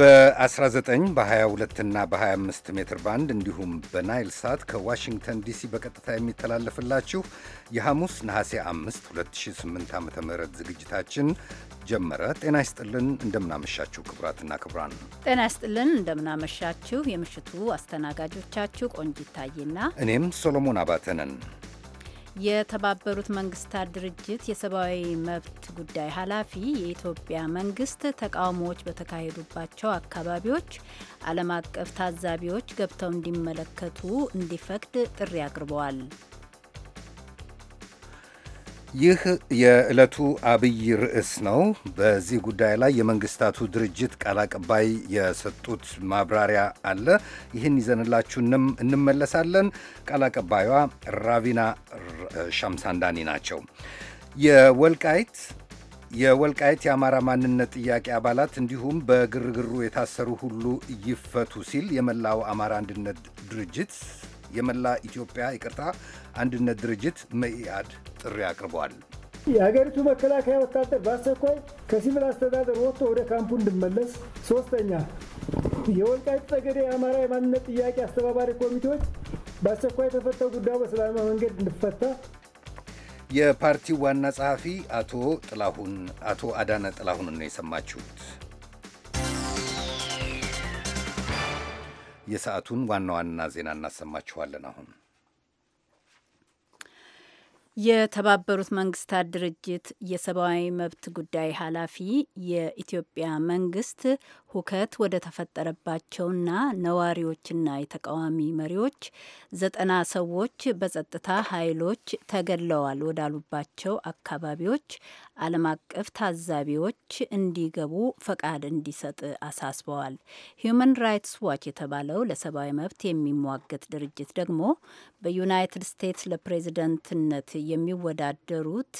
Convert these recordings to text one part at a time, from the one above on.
በ19 በ22 እና በ25 ሜትር ባንድ እንዲሁም በናይል ሳት ከዋሽንግተን ዲሲ በቀጥታ የሚተላለፍላችሁ የሐሙስ ነሐሴ 5 2008 ዓ ም ዝግጅታችን ጀመረ። ጤና ይስጥልን፣ እንደምናመሻችሁ ክቡራትና ክቡራን። ጤና ይስጥልን፣ እንደምናመሻችሁ። የምሽቱ አስተናጋጆቻችሁ ቆንጂት ታዬና እኔም ሶሎሞን አባተ ነን። የተባበሩት መንግስታት ድርጅት የሰብአዊ መብት ጉዳይ ኃላፊ የኢትዮጵያ መንግስት ተቃውሞዎች በተካሄዱባቸው አካባቢዎች ዓለም አቀፍ ታዛቢዎች ገብተው እንዲመለከቱ እንዲፈቅድ ጥሪ አቅርበዋል። ይህ የዕለቱ አብይ ርዕስ ነው። በዚህ ጉዳይ ላይ የመንግስታቱ ድርጅት ቃል አቀባይ የሰጡት ማብራሪያ አለ። ይህን ይዘንላችሁ እንመለሳለን። ቃል አቀባዩዋ ራቪና ሻምሳንዳኒ ናቸው። የወልቃይት የወልቃይት የአማራ ማንነት ጥያቄ አባላት እንዲሁም በግርግሩ የታሰሩ ሁሉ ይፈቱ ሲል የመላው አማራ አንድነት ድርጅት የመላ ኢትዮጵያ ይቅርታ አንድነት ድርጅት መኢአድ ጥሪ አቅርቧል። የሀገሪቱ መከላከያ ወታደር በአስቸኳይ ከሲቪል አስተዳደር ወጥቶ ወደ ካምፑ እንድመለስ ሶስተኛ የወልቃይት ጠገዴ የአማራ የማንነት ጥያቄ አስተባባሪ ኮሚቴዎች በአስቸኳይ ተፈተው ጉዳዩ በሰላማዊ መንገድ እንድፈታ የፓርቲው ዋና ጸሐፊ አቶ ጥላሁን አቶ አዳነ ጥላሁን ነው የሰማችሁት። የሰዓቱን ዋና ዋና ዜና እናሰማችኋለን አሁን የተባበሩት መንግስታት ድርጅት የሰብአዊ መብት ጉዳይ ኃላፊ የኢትዮጵያ መንግስት ሁከት ወደ ተፈጠረባቸውና ነዋሪዎችና የተቃዋሚ መሪዎች ዘጠና ሰዎች በጸጥታ ኃይሎች ተገድለዋል ወዳሉባቸው አካባቢዎች ዓለም አቀፍ ታዛቢዎች እንዲገቡ ፈቃድ እንዲሰጥ አሳስበዋል። ሂዩማን ራይትስ ዋች የተባለው ለሰብአዊ መብት የሚሟገት ድርጅት ደግሞ በዩናይትድ ስቴትስ ለፕሬዝደንትነት የሚወዳደሩት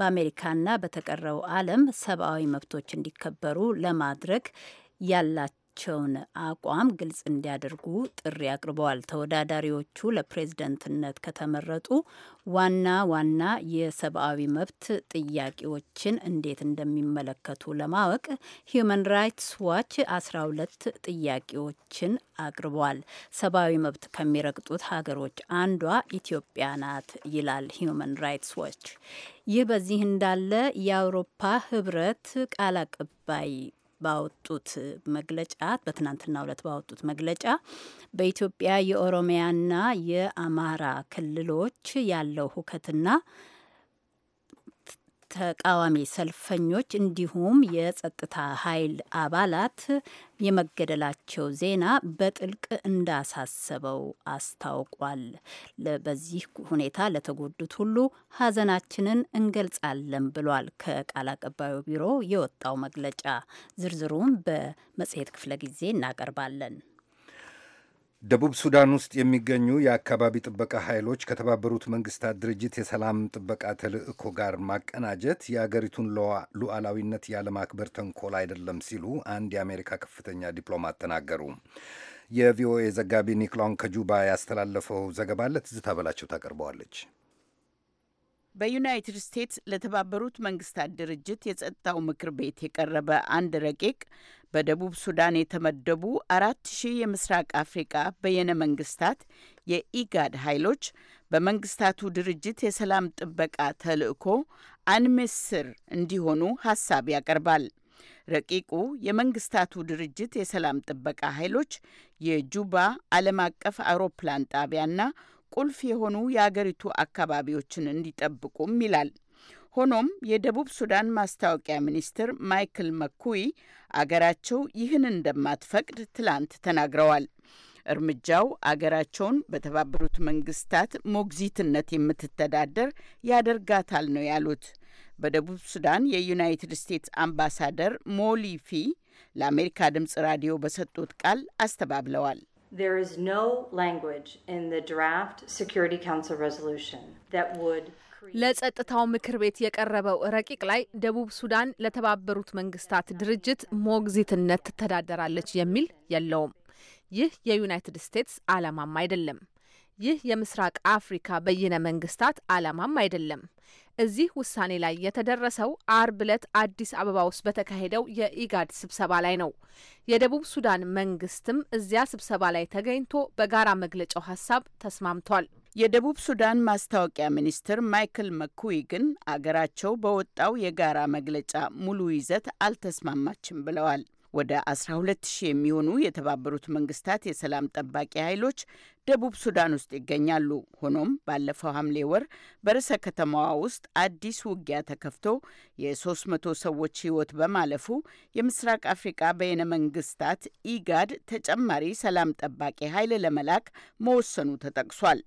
በአሜሪካና በተቀረው ዓለም ሰብአዊ መብቶች እንዲከበሩ ለማድረግ ያላቸው ያላቸውን አቋም ግልጽ እንዲያደርጉ ጥሪ አቅርበዋል። ተወዳዳሪዎቹ ለፕሬዝደንትነት ከተመረጡ ዋና ዋና የሰብአዊ መብት ጥያቄዎችን እንዴት እንደሚመለከቱ ለማወቅ ሂዩማን ራይትስ ዋች 12 ጥያቄዎችን አቅርቧል። ሰብአዊ መብት ከሚረግጡት ሀገሮች አንዷ ኢትዮጵያ ናት ይላል ሂዩማን ራይትስ ዋች። ይህ በዚህ እንዳለ የአውሮፓ ህብረት ቃል አቀባይ ባወጡት መግለጫ በትናንትናው ዕለት ባወጡት መግለጫ በኢትዮጵያ የኦሮሚያና የአማራ ክልሎች ያለው ሁከትና ተቃዋሚ ሰልፈኞች እንዲሁም የጸጥታ ኃይል አባላት የመገደላቸው ዜና በጥልቅ እንዳሳሰበው አስታውቋል። በዚህ ሁኔታ ለተጎዱት ሁሉ ሐዘናችንን እንገልጻለን ብሏል ከቃል አቀባዩ ቢሮ የወጣው መግለጫ። ዝርዝሩም በመጽሔት ክፍለ ጊዜ እናቀርባለን። ደቡብ ሱዳን ውስጥ የሚገኙ የአካባቢ ጥበቃ ኃይሎች ከተባበሩት መንግስታት ድርጅት የሰላም ጥበቃ ተልእኮ ጋር ማቀናጀት የአገሪቱን ሉዓላዊነት ያለማክበር ተንኮል አይደለም ሲሉ አንድ የአሜሪካ ከፍተኛ ዲፕሎማት ተናገሩ። የቪኦኤ ዘጋቢ ኒክሎን ከጁባ ያስተላለፈው ዘገባ ለትዝታ በላቸው ታቀርበዋለች። በዩናይትድ ስቴትስ ለተባበሩት መንግስታት ድርጅት የጸጥታው ምክር ቤት የቀረበ አንድ ረቂቅ በደቡብ ሱዳን የተመደቡ አራት ሺህ የምስራቅ አፍሪቃ በየነ መንግስታት የኢጋድ ኃይሎች በመንግስታቱ ድርጅት የሰላም ጥበቃ ተልዕኮ አንምስር እንዲሆኑ ሀሳብ ያቀርባል። ረቂቁ የመንግስታቱ ድርጅት የሰላም ጥበቃ ኃይሎች የጁባ ዓለም አቀፍ አውሮፕላን ጣቢያና ቁልፍ የሆኑ የአገሪቱ አካባቢዎችን እንዲጠብቁም ይላል። ሆኖም የደቡብ ሱዳን ማስታወቂያ ሚኒስትር ማይክል መኩዊ አገራቸው ይህን እንደማትፈቅድ ትላንት ተናግረዋል። እርምጃው አገራቸውን በተባበሩት መንግስታት ሞግዚትነት የምትተዳደር ያደርጋታል ነው ያሉት። በደቡብ ሱዳን የዩናይትድ ስቴትስ አምባሳደር ሞሊፊ ለአሜሪካ ድምፅ ራዲዮ በሰጡት ቃል አስተባብለዋል። There is no language in the draft Security Council resolution that would ለጸጥታው ምክር ቤት የቀረበው ረቂቅ ላይ ደቡብ ሱዳን ለተባበሩት መንግስታት ድርጅት ሞግዚትነት ትተዳደራለች የሚል የለውም። ይህ የዩናይትድ ስቴትስ አላማም አይደለም። ይህ የምስራቅ አፍሪካ በይነ መንግስታት አላማም አይደለም። እዚህ ውሳኔ ላይ የተደረሰው አርብ ዕለት አዲስ አበባ ውስጥ በተካሄደው የኢጋድ ስብሰባ ላይ ነው። የደቡብ ሱዳን መንግስትም እዚያ ስብሰባ ላይ ተገኝቶ በጋራ መግለጫው ሀሳብ ተስማምቷል። የደቡብ ሱዳን ማስታወቂያ ሚኒስትር ማይክል መኩዊ ግን አገራቸው በወጣው የጋራ መግለጫ ሙሉ ይዘት አልተስማማችም ብለዋል። ወደ 12 ሺህ የሚሆኑ የተባበሩት መንግስታት የሰላም ጠባቂ ኃይሎች ደቡብ ሱዳን ውስጥ ይገኛሉ። ሆኖም ባለፈው ሐምሌ ወር በርዕሰ ከተማዋ ውስጥ አዲስ ውጊያ ተከፍቶ የሶስት መቶ ሰዎች ሕይወት በማለፉ የምስራቅ አፍሪቃ በይነ መንግስታት ኢጋድ ተጨማሪ ሰላም ጠባቂ ኃይል ለመላክ መወሰኑ ተጠቅሷል።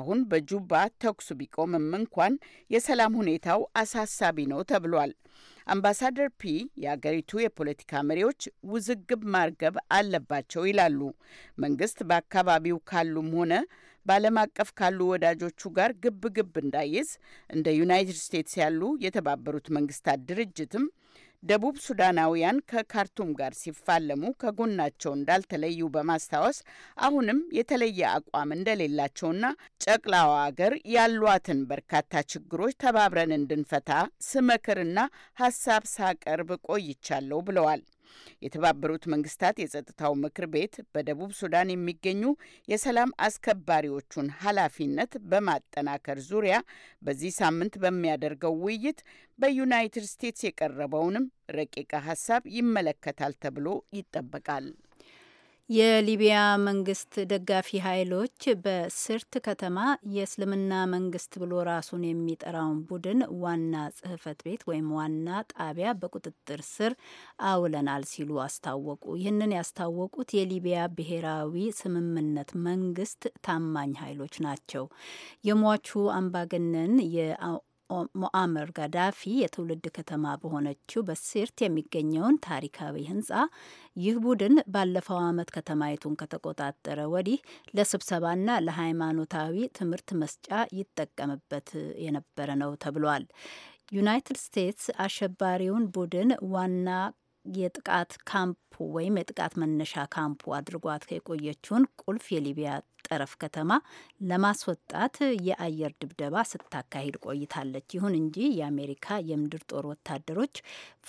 አሁን በጁባ ተኩስ ቢቆምም እንኳን የሰላም ሁኔታው አሳሳቢ ነው ተብሏል። አምባሳደር ፒ የአገሪቱ የፖለቲካ መሪዎች ውዝግብ ማርገብ አለባቸው ይላሉ። መንግስት በአካባቢው ካሉም ሆነ በዓለም አቀፍ ካሉ ወዳጆቹ ጋር ግብ ግብ እንዳይዝ እንደ ዩናይትድ ስቴትስ ያሉ የተባበሩት መንግስታት ድርጅትም ደቡብ ሱዳናውያን ከካርቱም ጋር ሲፋለሙ ከጎናቸው እንዳልተለዩ በማስታወስ አሁንም የተለየ አቋም እንደሌላቸውና ጨቅላዋ አገር ያሏትን በርካታ ችግሮች ተባብረን እንድንፈታ ስመክርና ሀሳብ ሳቀርብ ቆይቻለሁ ብለዋል። የተባበሩት መንግስታት የጸጥታው ምክር ቤት በደቡብ ሱዳን የሚገኙ የሰላም አስከባሪዎቹን ኃላፊነት በማጠናከር ዙሪያ በዚህ ሳምንት በሚያደርገው ውይይት በዩናይትድ ስቴትስ የቀረበውንም ረቂቅ ሀሳብ ይመለከታል ተብሎ ይጠበቃል። የሊቢያ መንግስት ደጋፊ ኃይሎች በስርት ከተማ የእስልምና መንግስት ብሎ ራሱን የሚጠራውን ቡድን ዋና ጽህፈት ቤት ወይም ዋና ጣቢያ በቁጥጥር ስር አውለናል ሲሉ አስታወቁ። ይህንን ያስታወቁት የሊቢያ ብሔራዊ ስምምነት መንግስት ታማኝ ኃይሎች ናቸው። የሟቹ አምባገነን ሞአመር ጋዳፊ የትውልድ ከተማ በሆነችው በሲርት የሚገኘውን ታሪካዊ ህንጻ ይህ ቡድን ባለፈው ዓመት ከተማይቱን ከተቆጣጠረ ወዲህ ለስብሰባና ለሃይማኖታዊ ትምህርት መስጫ ይጠቀምበት የነበረ ነው ተብሏል። ዩናይትድ ስቴትስ አሸባሪውን ቡድን ዋና የጥቃት ካምፑ ወይም የጥቃት መነሻ ካምፑ አድርጓት የቆየችውን ቁልፍ የሊቢያ ጠረፍ ከተማ ለማስወጣት የአየር ድብደባ ስታካሂድ ቆይታለች። ይሁን እንጂ የአሜሪካ የምድር ጦር ወታደሮች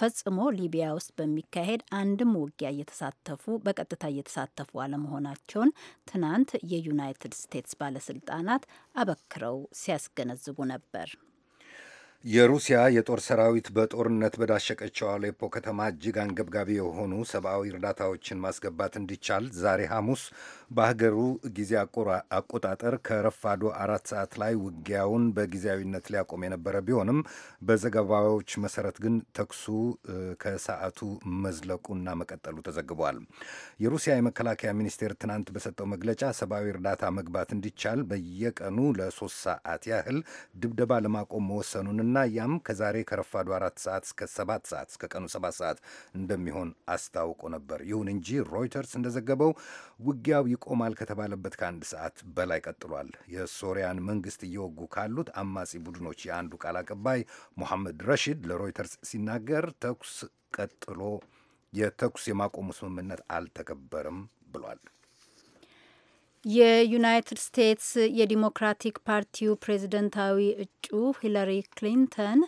ፈጽሞ ሊቢያ ውስጥ በሚካሄድ አንድም ውጊያ እየተሳተፉ በቀጥታ እየተሳተፉ አለመሆናቸውን ትናንት የዩናይትድ ስቴትስ ባለስልጣናት አበክረው ሲያስገነዝቡ ነበር። የሩሲያ የጦር ሰራዊት በጦርነት በዳሸቀችው አሌፖ ከተማ እጅግ አንገብጋቢ የሆኑ ሰብአዊ እርዳታዎችን ማስገባት እንዲቻል ዛሬ ሐሙስ በሀገሩ ጊዜ አቆጣጠር ከረፋዶ አራት ሰዓት ላይ ውጊያውን በጊዜያዊነት ሊያቆም የነበረ ቢሆንም በዘገባዎች መሰረት ግን ተኩሱ ከሰዓቱ መዝለቁና መቀጠሉ ተዘግቧል። የሩሲያ የመከላከያ ሚኒስቴር ትናንት በሰጠው መግለጫ ሰብአዊ እርዳታ መግባት እንዲቻል በየቀኑ ለሶስት ሰዓት ያህል ድብደባ ለማቆም መወሰኑንና እና ያም ከዛሬ ከረፋዱ አራት ሰዓት እስከ ሰባት ሰዓት እስከ ቀኑ ሰባት ሰዓት እንደሚሆን አስታውቆ ነበር። ይሁን እንጂ ሮይተርስ እንደዘገበው ውጊያው ይቆማል ከተባለበት ከአንድ ሰዓት በላይ ቀጥሏል። የሶሪያን መንግስት እየወጉ ካሉት አማጺ ቡድኖች የአንዱ ቃል አቀባይ ሞሐመድ ረሺድ ለሮይተርስ ሲናገር ተኩስ ቀጥሎ የተኩስ የማቆሙ ስምምነት አልተከበርም ብሏል። የዩናይትድ ስቴትስ የዲሞክራቲክ ፓርቲው ፕሬዝደንታዊ እጩ ሂለሪ ክሊንተን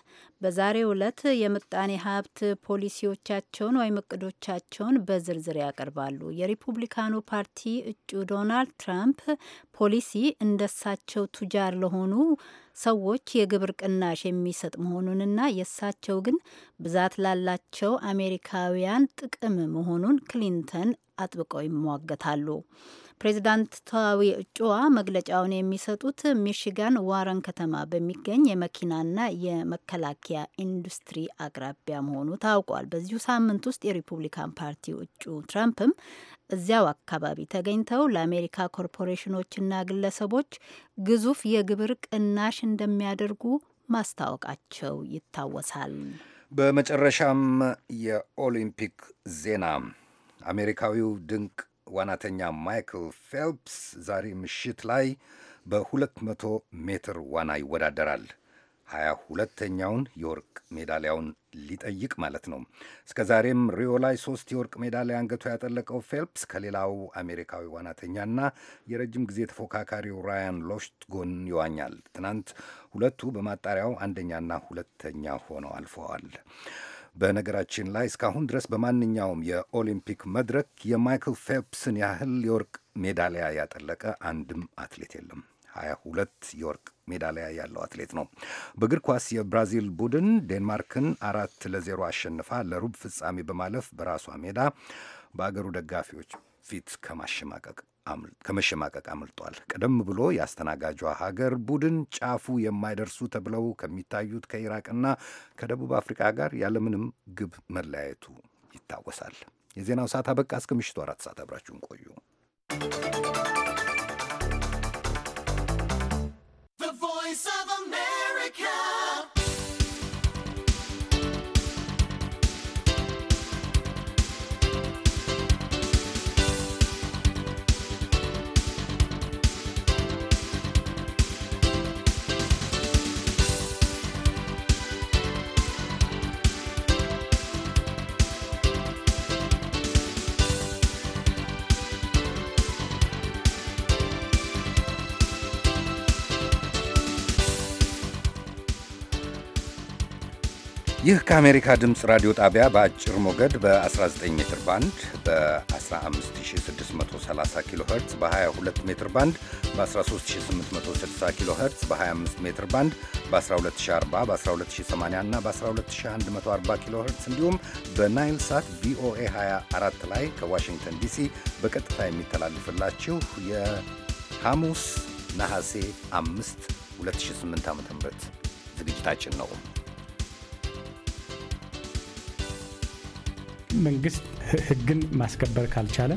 በዛሬው ዕለት የምጣኔ ሀብት ፖሊሲዎቻቸውን ወይም እቅዶቻቸውን በዝርዝር ያቀርባሉ። የሪፑብሊካኑ ፓርቲ እጩ ዶናልድ ትራምፕ ፖሊሲ እንደሳቸው ቱጃር ለሆኑ ሰዎች የግብር ቅናሽ የሚሰጥ መሆኑንና የእሳቸው ግን ብዛት ላላቸው አሜሪካውያን ጥቅም መሆኑን ክሊንተን አጥብቀው ይሟገታሉ። ተዋዊ እጩዋ መግለጫውን የሚሰጡት ሚሽጋን ዋረን ከተማ በሚገኝ የመኪናና የመከላከያ መከላከያ ኢንዱስትሪ አቅራቢያ መሆኑ ታውቋል። በዚሁ ሳምንት ውስጥ የሪፑብሊካን ፓርቲ እጩ ትራምፕም እዚያው አካባቢ ተገኝተው ለአሜሪካ ኮርፖሬሽኖችና ግለሰቦች ግዙፍ የግብር ቅናሽ እንደሚያደርጉ ማስታወቃቸው ይታወሳል። በመጨረሻም የኦሊምፒክ ዜና አሜሪካዊው ድንቅ ዋናተኛ ማይክል ፌልፕስ ዛሬ ምሽት ላይ በ200 ሜትር ዋና ይወዳደራል። ሀያ ሁለተኛውን የወርቅ ሜዳሊያውን ሊጠይቅ ማለት ነው። እስከ ዛሬም ሪዮ ላይ ሶስት የወርቅ ሜዳሊያ አንገቱ ያጠለቀው ፌልፕስ ከሌላው አሜሪካዊ ዋናተኛና የረጅም ጊዜ ተፎካካሪው ራያን ሎሽት ጎን ይዋኛል። ትናንት ሁለቱ በማጣሪያው አንደኛና ሁለተኛ ሆነው አልፈዋል። በነገራችን ላይ እስካሁን ድረስ በማንኛውም የኦሊምፒክ መድረክ የማይክል ፌልፕስን ያህል የወርቅ ሜዳሊያ ያጠለቀ አንድም አትሌት የለም። 22 የወርቅ ሜዳሊያ ያለው አትሌት ነው። በእግር ኳስ የብራዚል ቡድን ዴንማርክን አራት ለዜሮ አሸንፋ ለሩብ ፍጻሜ በማለፍ በራሷ ሜዳ በአገሩ ደጋፊዎች ፊት ከማሸማቀቅ ከመሸማቀቅ አምልጧል። ቀደም ብሎ የአስተናጋጇ ሀገር ቡድን ጫፉ የማይደርሱ ተብለው ከሚታዩት ከኢራቅና ከደቡብ አፍሪካ ጋር ያለምንም ግብ መለያየቱ ይታወሳል። የዜናው ሰዓት አበቃ። እስከ ምሽቱ አራት ሰዓት አብራችሁን ቆዩ። ይህ ከአሜሪካ ድምፅ ራዲዮ ጣቢያ በአጭር ሞገድ በ19 ሜትር ባንድ በ15630 ኪሎ ኸርትዝ በ22 ሜትር ባንድ በ13860 ኪሎ ኸርትዝ በ25 ሜትር ባንድ በ1240 በ1280 እና በ12140 ኪሎ ኸርትዝ እንዲሁም በናይል ሳት ቪኦኤ 24 ላይ ከዋሽንግተን ዲሲ በቀጥታ የሚተላልፍላችሁ የሐሙስ ነሐሴ 5 2008 ዓ ም ዝግጅታችን ነው። መንግስት ህግን ማስከበር ካልቻለ፣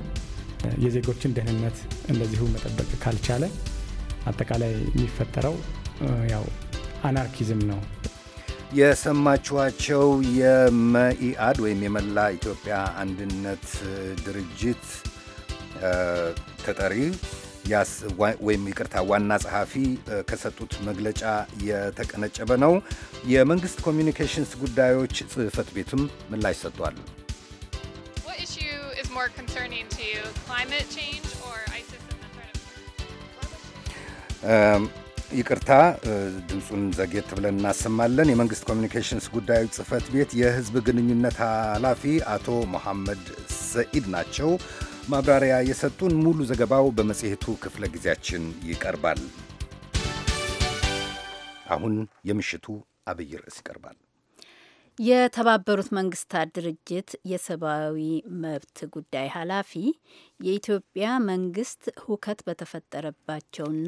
የዜጎችን ደህንነት እንደዚሁ መጠበቅ ካልቻለ አጠቃላይ የሚፈጠረው ያው አናርኪዝም ነው። የሰማችኋቸው የመኢአድ ወይም የመላ ኢትዮጵያ አንድነት ድርጅት ተጠሪ ወይም ይቅርታ ዋና ጸሐፊ ከሰጡት መግለጫ የተቀነጨበ ነው። የመንግስት ኮሚኒኬሽንስ ጉዳዮች ጽህፈት ቤትም ምላሽ ሰጥቷል። is more concerning to you, climate change or ISIS and the threat of Um, ይቅርታ uh, ድምፁን ዘግየት ብለን እናሰማለን። የመንግስት ኮሚኒኬሽንስ ጉዳዮች ጽህፈት ቤት የህዝብ ግንኙነት ኃላፊ አቶ መሐመድ ሰኢድ ናቸው ማብራሪያ የሰጡን። ሙሉ ዘገባው በመጽሔቱ ክፍለ ጊዜያችን ይቀርባል። አሁን የምሽቱ አብይ ርዕስ ይቀርባል። የተባበሩት መንግስታት ድርጅት የሰብአዊ መብት ጉዳይ ኃላፊ የኢትዮጵያ መንግስት ሁከት በተፈጠረባቸውና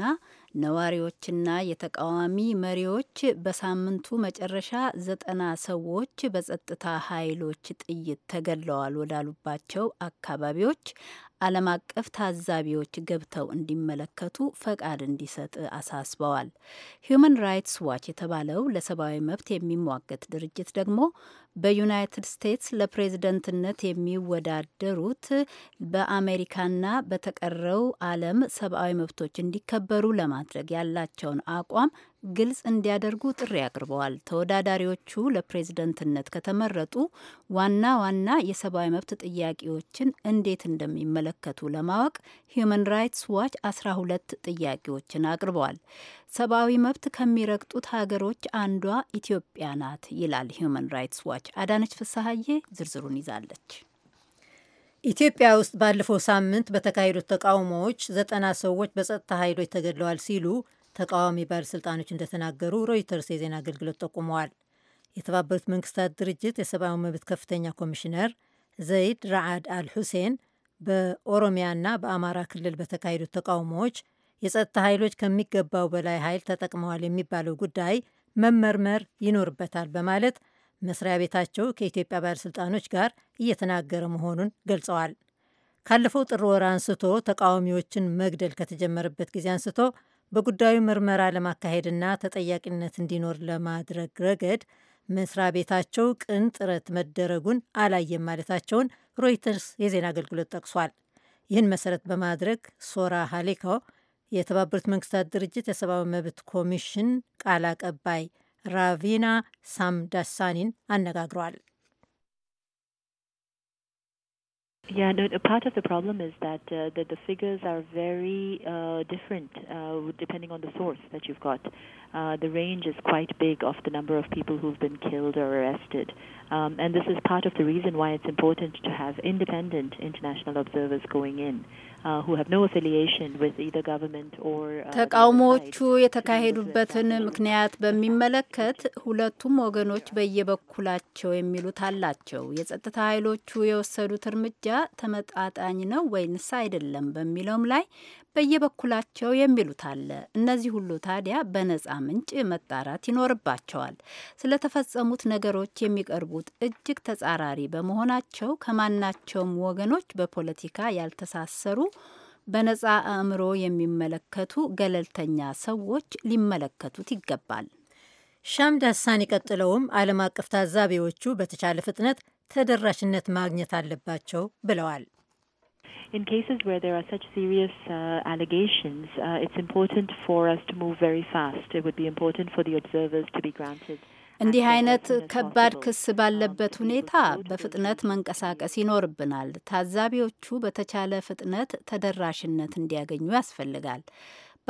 ነዋሪዎችና የተቃዋሚ መሪዎች በሳምንቱ መጨረሻ ዘጠና ሰዎች በጸጥታ ኃይሎች ጥይት ተገድለዋል ወዳሉባቸው አካባቢዎች ዓለም አቀፍ ታዛቢዎች ገብተው እንዲመለከቱ ፈቃድ እንዲሰጥ አሳስበዋል። ሂዩማን ራይትስ ዋች የተባለው ለሰብአዊ መብት የሚሟገት ድርጅት ደግሞ በዩናይትድ ስቴትስ ለፕሬዝደንትነት የሚወዳደሩት በአሜሪካና በተቀረው ዓለም ሰብአዊ መብቶች እንዲከበሩ ለማድረግ ያላቸውን አቋም ግልጽ እንዲያደርጉ ጥሪ አቅርበዋል። ተወዳዳሪዎቹ ለፕሬዝደንትነት ከተመረጡ ዋና ዋና የሰብአዊ መብት ጥያቄዎችን እንዴት እንደሚመለከቱ ለማወቅ ሂዩማን ራይትስ ዋች 12 ጥያቄዎችን አቅርበዋል። ሰብአዊ መብት ከሚረግጡት ሀገሮች አንዷ ኢትዮጵያ ናት ይላል ሂዩማን ራይትስ ዋች። አዳነች ፍሳሀዬ ዝርዝሩን ይዛለች። ኢትዮጵያ ውስጥ ባለፈው ሳምንት በተካሄዱት ተቃውሞዎች ዘጠና ሰዎች በጸጥታ ኃይሎች ተገድለዋል ሲሉ ተቃዋሚ ባለሥልጣኖች እንደተናገሩ ሮይተርስ የዜና አገልግሎት ጠቁመዋል። የተባበሩት መንግስታት ድርጅት የሰብአዊ መብት ከፍተኛ ኮሚሽነር ዘይድ ራዓድ አል ሁሴን በኦሮሚያና በአማራ ክልል በተካሄዱት ተቃውሞዎች የጸጥታ ኃይሎች ከሚገባው በላይ ኃይል ተጠቅመዋል የሚባለው ጉዳይ መመርመር ይኖርበታል በማለት መስሪያ ቤታቸው ከኢትዮጵያ ባለሥልጣኖች ጋር እየተናገረ መሆኑን ገልጸዋል። ካለፈው ጥር ወር አንስቶ ተቃዋሚዎችን መግደል ከተጀመረበት ጊዜ አንስቶ በጉዳዩ ምርመራ ለማካሄድና ተጠያቂነት እንዲኖር ለማድረግ ረገድ መስሪያ ቤታቸው ቅን ጥረት መደረጉን አላየም ማለታቸውን ሮይተርስ የዜና አገልግሎት ጠቅሷል። ይህን መሰረት በማድረግ ሶራ ሃሌካው የተባበሩት መንግስታት ድርጅት የሰብአዊ መብት ኮሚሽን ቃል አቀባይ ራቪና ሳምዳሳኒን አነጋግሯል። Yeah, no, part of the problem is that uh, the, the figures are very uh, different uh, depending on the source that you've got. Uh, the range is quite big of the number of people who've been killed or arrested. Um, and this is part of the reason why it's important to have independent international observers going in. Uh, uh, ተቃውሞዎቹ የተካሄዱበትን ምክንያት በሚመለከት ሁለቱም ወገኖች በየበኩላቸው የሚሉት አላቸው። የጸጥታ ኃይሎቹ የወሰዱት እርምጃ ተመጣጣኝ ነው ወይንስ አይደለም በሚለውም ላይ በየበኩላቸው የሚሉት አለ። እነዚህ ሁሉ ታዲያ በነጻ ምንጭ መጣራት ይኖርባቸዋል። ስለተፈጸሙት ነገሮች የሚቀርቡት እጅግ ተጻራሪ በመሆናቸው ከማናቸውም ወገኖች በፖለቲካ ያልተሳሰሩ በነጻ አእምሮ የሚመለከቱ ገለልተኛ ሰዎች ሊመለከቱት ይገባል። ሻምዳሳን ቀጥለውም ዓለም አቀፍ ታዛቢዎቹ በተቻለ ፍጥነት ተደራሽነት ማግኘት አለባቸው ብለዋል። In cases where there are such serious uh, allegations, uh, it's important for us to move very fast. It would be important for the observers to be granted. እንዲህ አይነት ከባድ ክስ ባለበት ሁኔታ በፍጥነት መንቀሳቀስ ይኖርብናል። ታዛቢዎቹ በተቻለ ፍጥነት ተደራሽነት እንዲያገኙ ያስፈልጋል።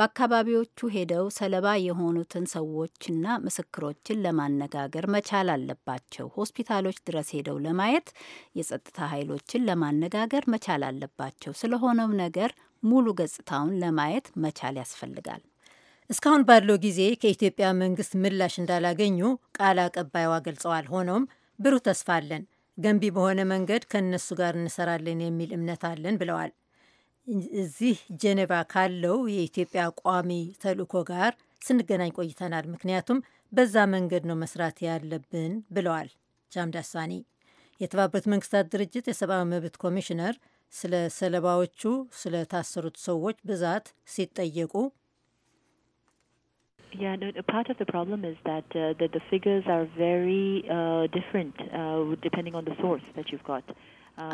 በአካባቢዎቹ ሄደው ሰለባ የሆኑትን ሰዎችና ምስክሮችን ለማነጋገር መቻል አለባቸው። ሆስፒታሎች ድረስ ሄደው ለማየት የጸጥታ ኃይሎችን ለማነጋገር መቻል አለባቸው። ስለሆነው ነገር ሙሉ ገጽታውን ለማየት መቻል ያስፈልጋል። እስካሁን ባለው ጊዜ ከኢትዮጵያ መንግስት ምላሽ እንዳላገኙ ቃል አቀባይዋ ገልጸዋል። ሆኖም ብሩህ ተስፋ አለን፣ ገንቢ በሆነ መንገድ ከእነሱ ጋር እንሰራለን የሚል እምነት አለን ብለዋል። እዚህ ጀኔቫ ካለው የኢትዮጵያ ቋሚ ተልእኮ ጋር ስንገናኝ ቆይተናል። ምክንያቱም በዛ መንገድ ነው መስራት ያለብን ብለዋል ጃምዳሳኒ። የተባበሩት መንግስታት ድርጅት የሰብአዊ መብት ኮሚሽነር ስለ ሰለባዎቹ ስለታሰሩት ሰዎች ብዛት ሲጠየቁ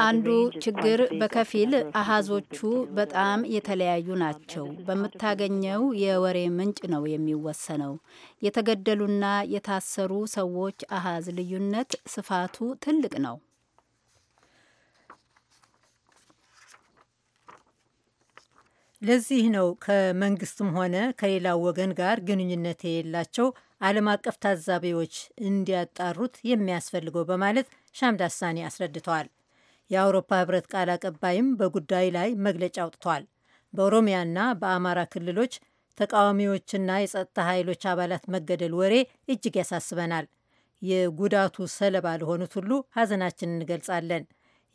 አንዱ ችግር በከፊል አሃዞቹ በጣም የተለያዩ ናቸው። በምታገኘው የወሬ ምንጭ ነው የሚወሰነው። የተገደሉና የታሰሩ ሰዎች አሃዝ ልዩነት ስፋቱ ትልቅ ነው። ለዚህ ነው ከመንግስትም ሆነ ከሌላው ወገን ጋር ግንኙነት የሌላቸው ዓለም አቀፍ ታዛቢዎች እንዲያጣሩት የሚያስፈልገው በማለት ሻምዳሳኒ አስረድተዋል። የአውሮፓ ህብረት ቃል አቀባይም በጉዳዩ ላይ መግለጫ አውጥቷል። በኦሮሚያና በአማራ ክልሎች ተቃዋሚዎችና የጸጥታ ኃይሎች አባላት መገደል ወሬ እጅግ ያሳስበናል። የጉዳቱ ሰለባ ለሆኑት ሁሉ ሀዘናችን እንገልጻለን።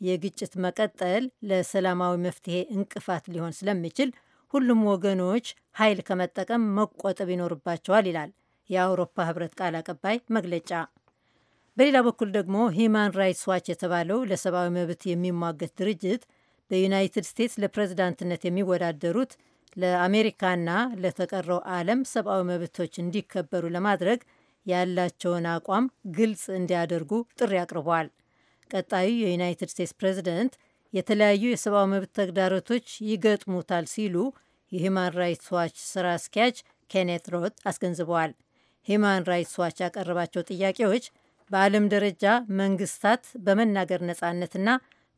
የግጭት መቀጠል ለሰላማዊ መፍትሄ እንቅፋት ሊሆን ስለሚችል ሁሉም ወገኖች ኃይል ከመጠቀም መቆጠብ ይኖርባቸዋል ይላል የአውሮፓ ህብረት ቃል አቀባይ መግለጫ። በሌላ በኩል ደግሞ ሂማን ራይትስ ዋች የተባለው ለሰብአዊ መብት የሚሟገት ድርጅት በዩናይትድ ስቴትስ ለፕሬዝዳንትነት የሚወዳደሩት ለአሜሪካና ለተቀረው ዓለም ሰብአዊ መብቶች እንዲከበሩ ለማድረግ ያላቸውን አቋም ግልጽ እንዲያደርጉ ጥሪ አቅርቧል። ቀጣዩ የዩናይትድ ስቴትስ ፕሬዝደንት የተለያዩ የሰብአዊ መብት ተግዳሮቶች ይገጥሙታል ሲሉ የሂማን ራይትስ ዋች ስራ አስኪያጅ ኬኔት ሮት አስገንዝበዋል። ሂማን ራይትስ ዋች ያቀረባቸው ጥያቄዎች በዓለም ደረጃ መንግስታት በመናገር ነፃነትና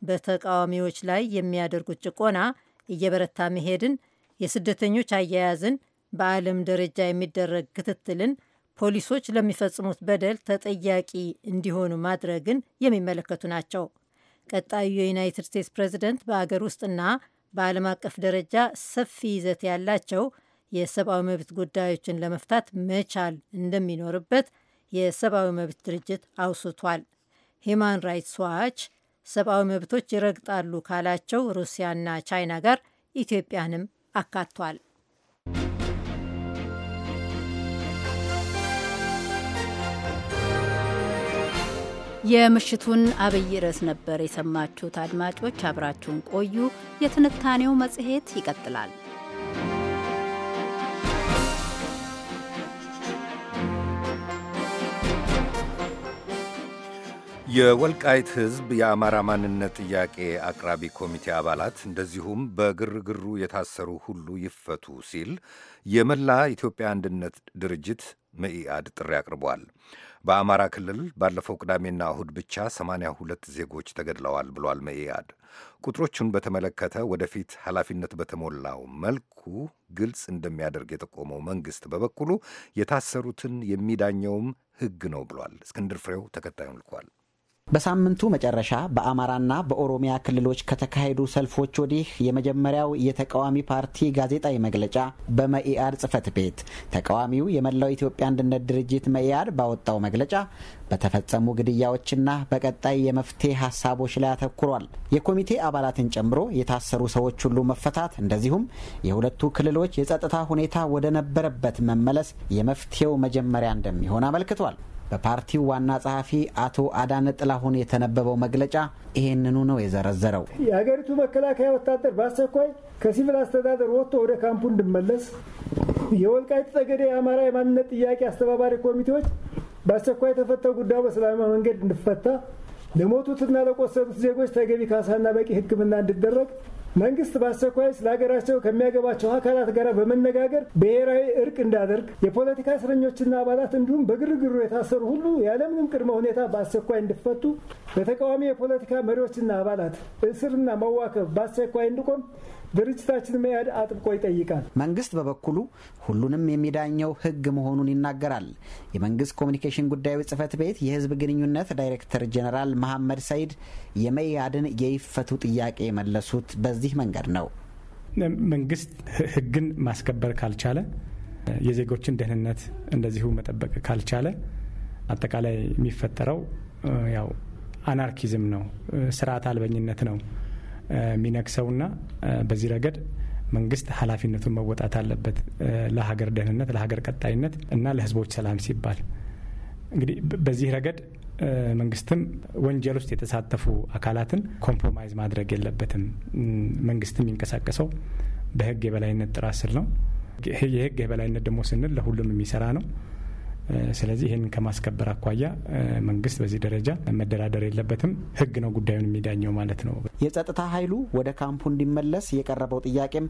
በተቃዋሚዎች ላይ የሚያደርጉት ጭቆና እየበረታ መሄድን፣ የስደተኞች አያያዝን፣ በዓለም ደረጃ የሚደረግ ክትትልን፣ ፖሊሶች ለሚፈጽሙት በደል ተጠያቂ እንዲሆኑ ማድረግን የሚመለከቱ ናቸው። ቀጣዩ የዩናይትድ ስቴትስ ፕሬዚደንት በአገር ውስጥና በዓለም አቀፍ ደረጃ ሰፊ ይዘት ያላቸው የሰብአዊ መብት ጉዳዮችን ለመፍታት መቻል እንደሚኖርበት የሰብአዊ መብት ድርጅት አውስቷል። ሂማን ራይትስ ዋች ሰብአዊ መብቶች ይረግጣሉ ካላቸው ሩሲያና ቻይና ጋር ኢትዮጵያንም አካቷል። የምሽቱን አብይ ርዕስ ነበር የሰማችሁት። አድማጮች አብራችሁን ቆዩ። የትንታኔው መጽሔት ይቀጥላል። የወልቃይት ሕዝብ የአማራ ማንነት ጥያቄ አቅራቢ ኮሚቴ አባላት እንደዚሁም በግርግሩ የታሰሩ ሁሉ ይፈቱ ሲል የመላ ኢትዮጵያ አንድነት ድርጅት መኢአድ ጥሪ አቅርቧል። በአማራ ክልል ባለፈው ቅዳሜና እሁድ ብቻ 82 ዜጎች ተገድለዋል ብሏል መኢአድ። ቁጥሮቹን በተመለከተ ወደፊት ኃላፊነት በተሞላው መልኩ ግልጽ እንደሚያደርግ የጠቆመው መንግሥት በበኩሉ የታሰሩትን የሚዳኘውም ሕግ ነው ብሏል። እስክንድር ፍሬው ተከታዩን ልኳል። በሳምንቱ መጨረሻ በአማራና በኦሮሚያ ክልሎች ከተካሄዱ ሰልፎች ወዲህ የመጀመሪያው የተቃዋሚ ፓርቲ ጋዜጣዊ መግለጫ በመኢአድ ጽፈት ቤት ተቃዋሚው የመላው ኢትዮጵያ አንድነት ድርጅት መኢአድ ባወጣው መግለጫ በተፈጸሙ ግድያዎችና በቀጣይ የመፍትሄ ሀሳቦች ላይ አተኩሯል። የኮሚቴ አባላትን ጨምሮ የታሰሩ ሰዎች ሁሉ መፈታት፣ እንደዚሁም የሁለቱ ክልሎች የጸጥታ ሁኔታ ወደ ነበረበት መመለስ የመፍትሄው መጀመሪያ እንደሚሆን አመልክቷል። በፓርቲው ዋና ጸሐፊ አቶ አዳነ ጥላሁን የተነበበው መግለጫ ይህንኑ ነው የዘረዘረው። የሀገሪቱ መከላከያ ወታደር በአስቸኳይ ከሲቪል አስተዳደር ወጥቶ ወደ ካምፑ እንድመለስ የወልቃይት ጠገዴ የአማራ የማንነት ጥያቄ አስተባባሪ ኮሚቴዎች በአስቸኳይ ተፈተው ጉዳዩ በሰላማዊ መንገድ እንድፈታ ለሞቱትና ለቆሰሉት ዜጎች ተገቢ ካሳና በቂ ሕክምና እንድደረግ? መንግስት በአስቸኳይ ስለ ሀገራቸው ከሚያገባቸው አካላት ጋር በመነጋገር ብሔራዊ እርቅ እንዲያደርግ የፖለቲካ እስረኞችና አባላት እንዲሁም በግርግሩ የታሰሩ ሁሉ ያለምንም ቅድመ ሁኔታ በአስቸኳይ እንዲፈቱ፣ በተቃዋሚ የፖለቲካ መሪዎችና አባላት እስርና መዋከብ በአስቸኳይ እንዲቆም ድርጅታችን መያድ አጥብቆ ይጠይቃል። መንግስት በበኩሉ ሁሉንም የሚዳኘው ህግ መሆኑን ይናገራል። የመንግስት ኮሚኒኬሽን ጉዳዮች ጽህፈት ቤት የህዝብ ግንኙነት ዳይሬክተር ጀኔራል መሐመድ ሰይድ የመያድን የይፈቱ ጥያቄ የመለሱት በዚህ መንገድ ነው። መንግስት ህግን ማስከበር ካልቻለ፣ የዜጎችን ደህንነት እንደዚሁ መጠበቅ ካልቻለ አጠቃላይ የሚፈጠረው ያው አናርኪዝም ነው፣ ስርዓት አልበኝነት ነው የሚነክሰውና በዚህ ረገድ መንግስት ኃላፊነቱን መወጣት አለበት ለሀገር ደህንነት፣ ለሀገር ቀጣይነት እና ለህዝቦች ሰላም ሲባል እንግዲህ በዚህ ረገድ መንግስትም ወንጀል ውስጥ የተሳተፉ አካላትን ኮምፕሮማይዝ ማድረግ የለበትም። መንግስት የሚንቀሳቀሰው በህግ የበላይነት ጥራት ስር ነው። የህግ የበላይነት ደግሞ ስንል ለሁሉም የሚሰራ ነው። ስለዚህ ይህንን ከማስከበር አኳያ መንግስት በዚህ ደረጃ መደራደር የለበትም። ህግ ነው ጉዳዩን የሚዳኘው ማለት ነው። የጸጥታ ኃይሉ ወደ ካምፑ እንዲመለስ የቀረበው ጥያቄም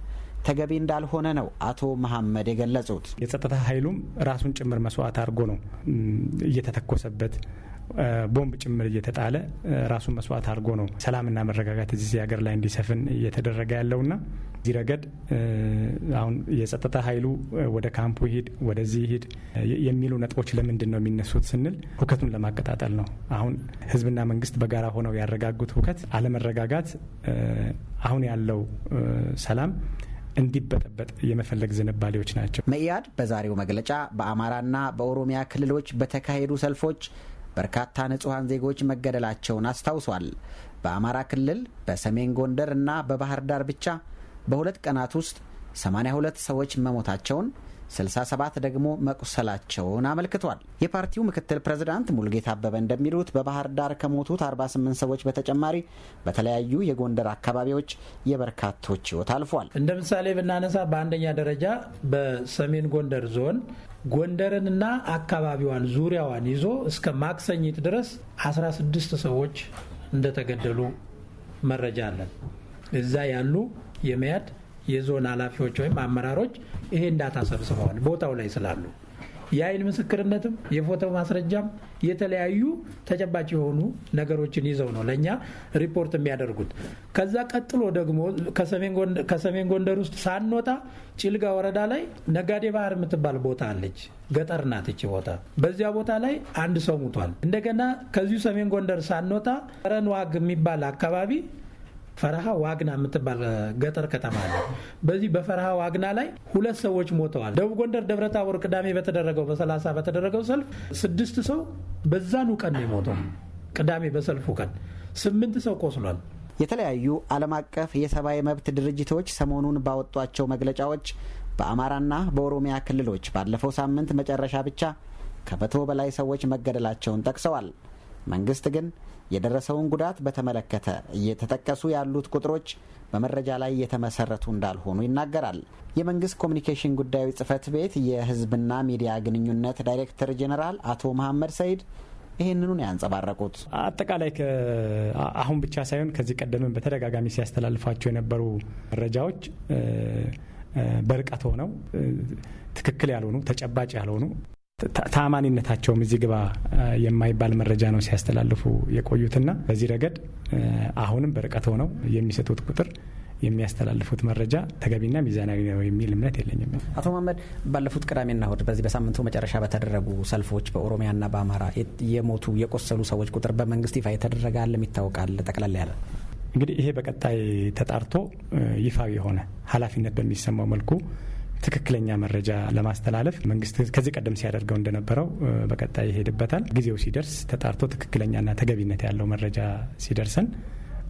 ተገቢ እንዳልሆነ ነው አቶ መሐመድ የገለጹት። የጸጥታ ኃይሉም ራሱን ጭምር መስዋዕት አድርጎ ነው እየተተኮሰበት ቦምብ ጭምር እየተጣለ ራሱን መስዋዕት አድርጎ ነው ሰላምና መረጋጋት እዚህ ሀገር ላይ እንዲሰፍን እየተደረገ ያለውና እዚህ ረገድ አሁን የጸጥታ ኃይሉ ወደ ካምፑ ሂድ፣ ወደዚህ ሂድ የሚሉ ነጥቦች ለምንድን ነው የሚነሱት ስንል ሁከቱን ለማቀጣጠል ነው። አሁን ህዝብና መንግስት በጋራ ሆነው ያረጋጉት ሁከት አለመረጋጋት አሁን ያለው ሰላም እንዲበጠበጥ የመፈለግ ዝንባሌዎች ናቸው። መኢአድ በዛሬው መግለጫ በአማራና በኦሮሚያ ክልሎች በተካሄዱ ሰልፎች በርካታ ንጹሐን ዜጎች መገደላቸውን አስታውሷል። በአማራ ክልል በሰሜን ጎንደር እና በባህር ዳር ብቻ በሁለት ቀናት ውስጥ 82 ሰዎች መሞታቸውን 67 ደግሞ መቁሰላቸውን አመልክቷል። የፓርቲው ምክትል ፕሬዝዳንት ሙልጌታ አበበ እንደሚሉት በባህር ዳር ከሞቱት 48 ሰዎች በተጨማሪ በተለያዩ የጎንደር አካባቢዎች የበርካቶች ሕይወት አልፏል። እንደ ምሳሌ ብናነሳ በአንደኛ ደረጃ በሰሜን ጎንደር ዞን ጎንደርንና አካባቢዋን ዙሪያዋን ይዞ እስከ ማክሰኝት ድረስ 16 ሰዎች እንደተገደሉ መረጃ አለን። እዛ ያሉ የመያድ የዞን ኃላፊዎች ወይም አመራሮች ይሄ እንዳታ ሰብስበዋል ቦታው ላይ ስላሉ የአይን ምስክርነትም የፎቶ ማስረጃም የተለያዩ ተጨባጭ የሆኑ ነገሮችን ይዘው ነው ለእኛ ሪፖርት የሚያደርጉት። ከዛ ቀጥሎ ደግሞ ከሰሜን ጎንደር ውስጥ ሳንወጣ ጭልጋ ወረዳ ላይ ነጋዴ ባህር የምትባል ቦታ አለች። ገጠር ናት ቦታ። በዚያ ቦታ ላይ አንድ ሰው ሙቷል። እንደገና ከዚሁ ሰሜን ጎንደር ሳንወጣ ረን ዋግ የሚባል አካባቢ ፈረሃ ዋግና የምትባል ገጠር ከተማ አለ። በዚህ በፈረሃ ዋግና ላይ ሁለት ሰዎች ሞተዋል። ደቡብ ጎንደር ደብረታቦር ቅዳሜ በተደረገው በሰላሳ በተደረገው ሰልፍ ስድስት ሰው በዛኑ ቀን ነው የሞተው። ቅዳሜ በሰልፉ ቀን ስምንት ሰው ቆስሏል። የተለያዩ ዓለም አቀፍ የሰብአዊ መብት ድርጅቶች ሰሞኑን ባወጧቸው መግለጫዎች በአማራና በኦሮሚያ ክልሎች ባለፈው ሳምንት መጨረሻ ብቻ ከመቶ በላይ ሰዎች መገደላቸውን ጠቅሰዋል። መንግስት ግን የደረሰውን ጉዳት በተመለከተ እየተጠቀሱ ያሉት ቁጥሮች በመረጃ ላይ እየተመሰረቱ እንዳልሆኑ ይናገራል። የመንግስት ኮሚኒኬሽን ጉዳዮች ጽህፈት ቤት የህዝብና ሚዲያ ግንኙነት ዳይሬክተር ጄኔራል አቶ መሐመድ ሰይድ ይህንኑን ያንጸባረቁት አጠቃላይ አሁን ብቻ ሳይሆን ከዚህ ቀደምም በተደጋጋሚ ሲያስተላልፋቸው የነበሩ መረጃዎች በርቀት ሆነው ትክክል ያልሆኑ ተጨባጭ ያልሆኑ ታማኒነታቸውም እዚህ ግባ የማይባል መረጃ ነው ሲያስተላልፉ የቆዩትና በዚህ ረገድ አሁንም በርቀት ሆነው የሚሰጡት ቁጥር የሚያስተላልፉት መረጃ ተገቢና ሚዛናዊ ነው የሚል እምነት የለኝም። አቶ መሀመድ ባለፉት ቅዳሜና እሁድ በዚህ በሳምንቱ መጨረሻ በተደረጉ ሰልፎች በኦሮሚያና በአማራ የሞቱ የቆሰሉ ሰዎች ቁጥር በመንግስት ይፋ የተደረገ አለም ይታወቃል። ጠቅላላ ያለ እንግዲህ ይሄ በቀጣይ ተጣርቶ ይፋ የሆነ ኃላፊነት በሚሰማው መልኩ ትክክለኛ መረጃ ለማስተላለፍ መንግስት ከዚህ ቀደም ሲያደርገው እንደነበረው በቀጣይ ይሄድበታል። ጊዜው ሲደርስ ተጣርቶ ትክክለኛና ተገቢነት ያለው መረጃ ሲደርሰን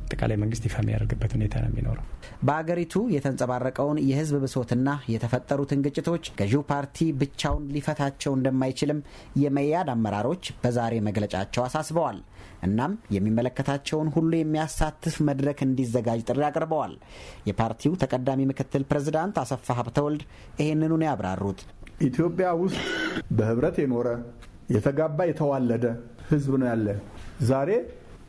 አጠቃላይ መንግስት ይፋ የሚያደርግበት ሁኔታ ነው የሚኖረው። በአገሪቱ የተንጸባረቀውን የህዝብ ብሶትና የተፈጠሩትን ግጭቶች ገዢው ፓርቲ ብቻውን ሊፈታቸው እንደማይችልም የመያድ አመራሮች በዛሬ መግለጫቸው አሳስበዋል። እናም የሚመለከታቸውን ሁሉ የሚያሳትፍ መድረክ እንዲዘጋጅ ጥሪ አቅርበዋል። የፓርቲው ተቀዳሚ ምክትል ፕሬዝዳንት አሰፋ ሀብተወልድ ይህንኑ ነው ያብራሩት። ኢትዮጵያ ውስጥ በህብረት የኖረ የተጋባ የተዋለደ ህዝብ ነው ያለ። ዛሬ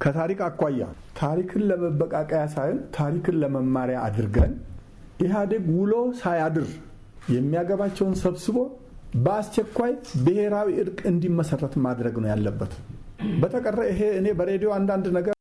ከታሪክ አኳያ ታሪክን ለመበቃቀያ ሳይሆን ታሪክን ለመማሪያ አድርገን ኢህአዴግ ውሎ ሳያድር የሚያገባቸውን ሰብስቦ በአስቸኳይ ብሔራዊ እርቅ እንዲመሰረት ማድረግ ነው ያለበት። በተቀረ ይሄ እኔ በሬዲዮ አንዳንድ ነገር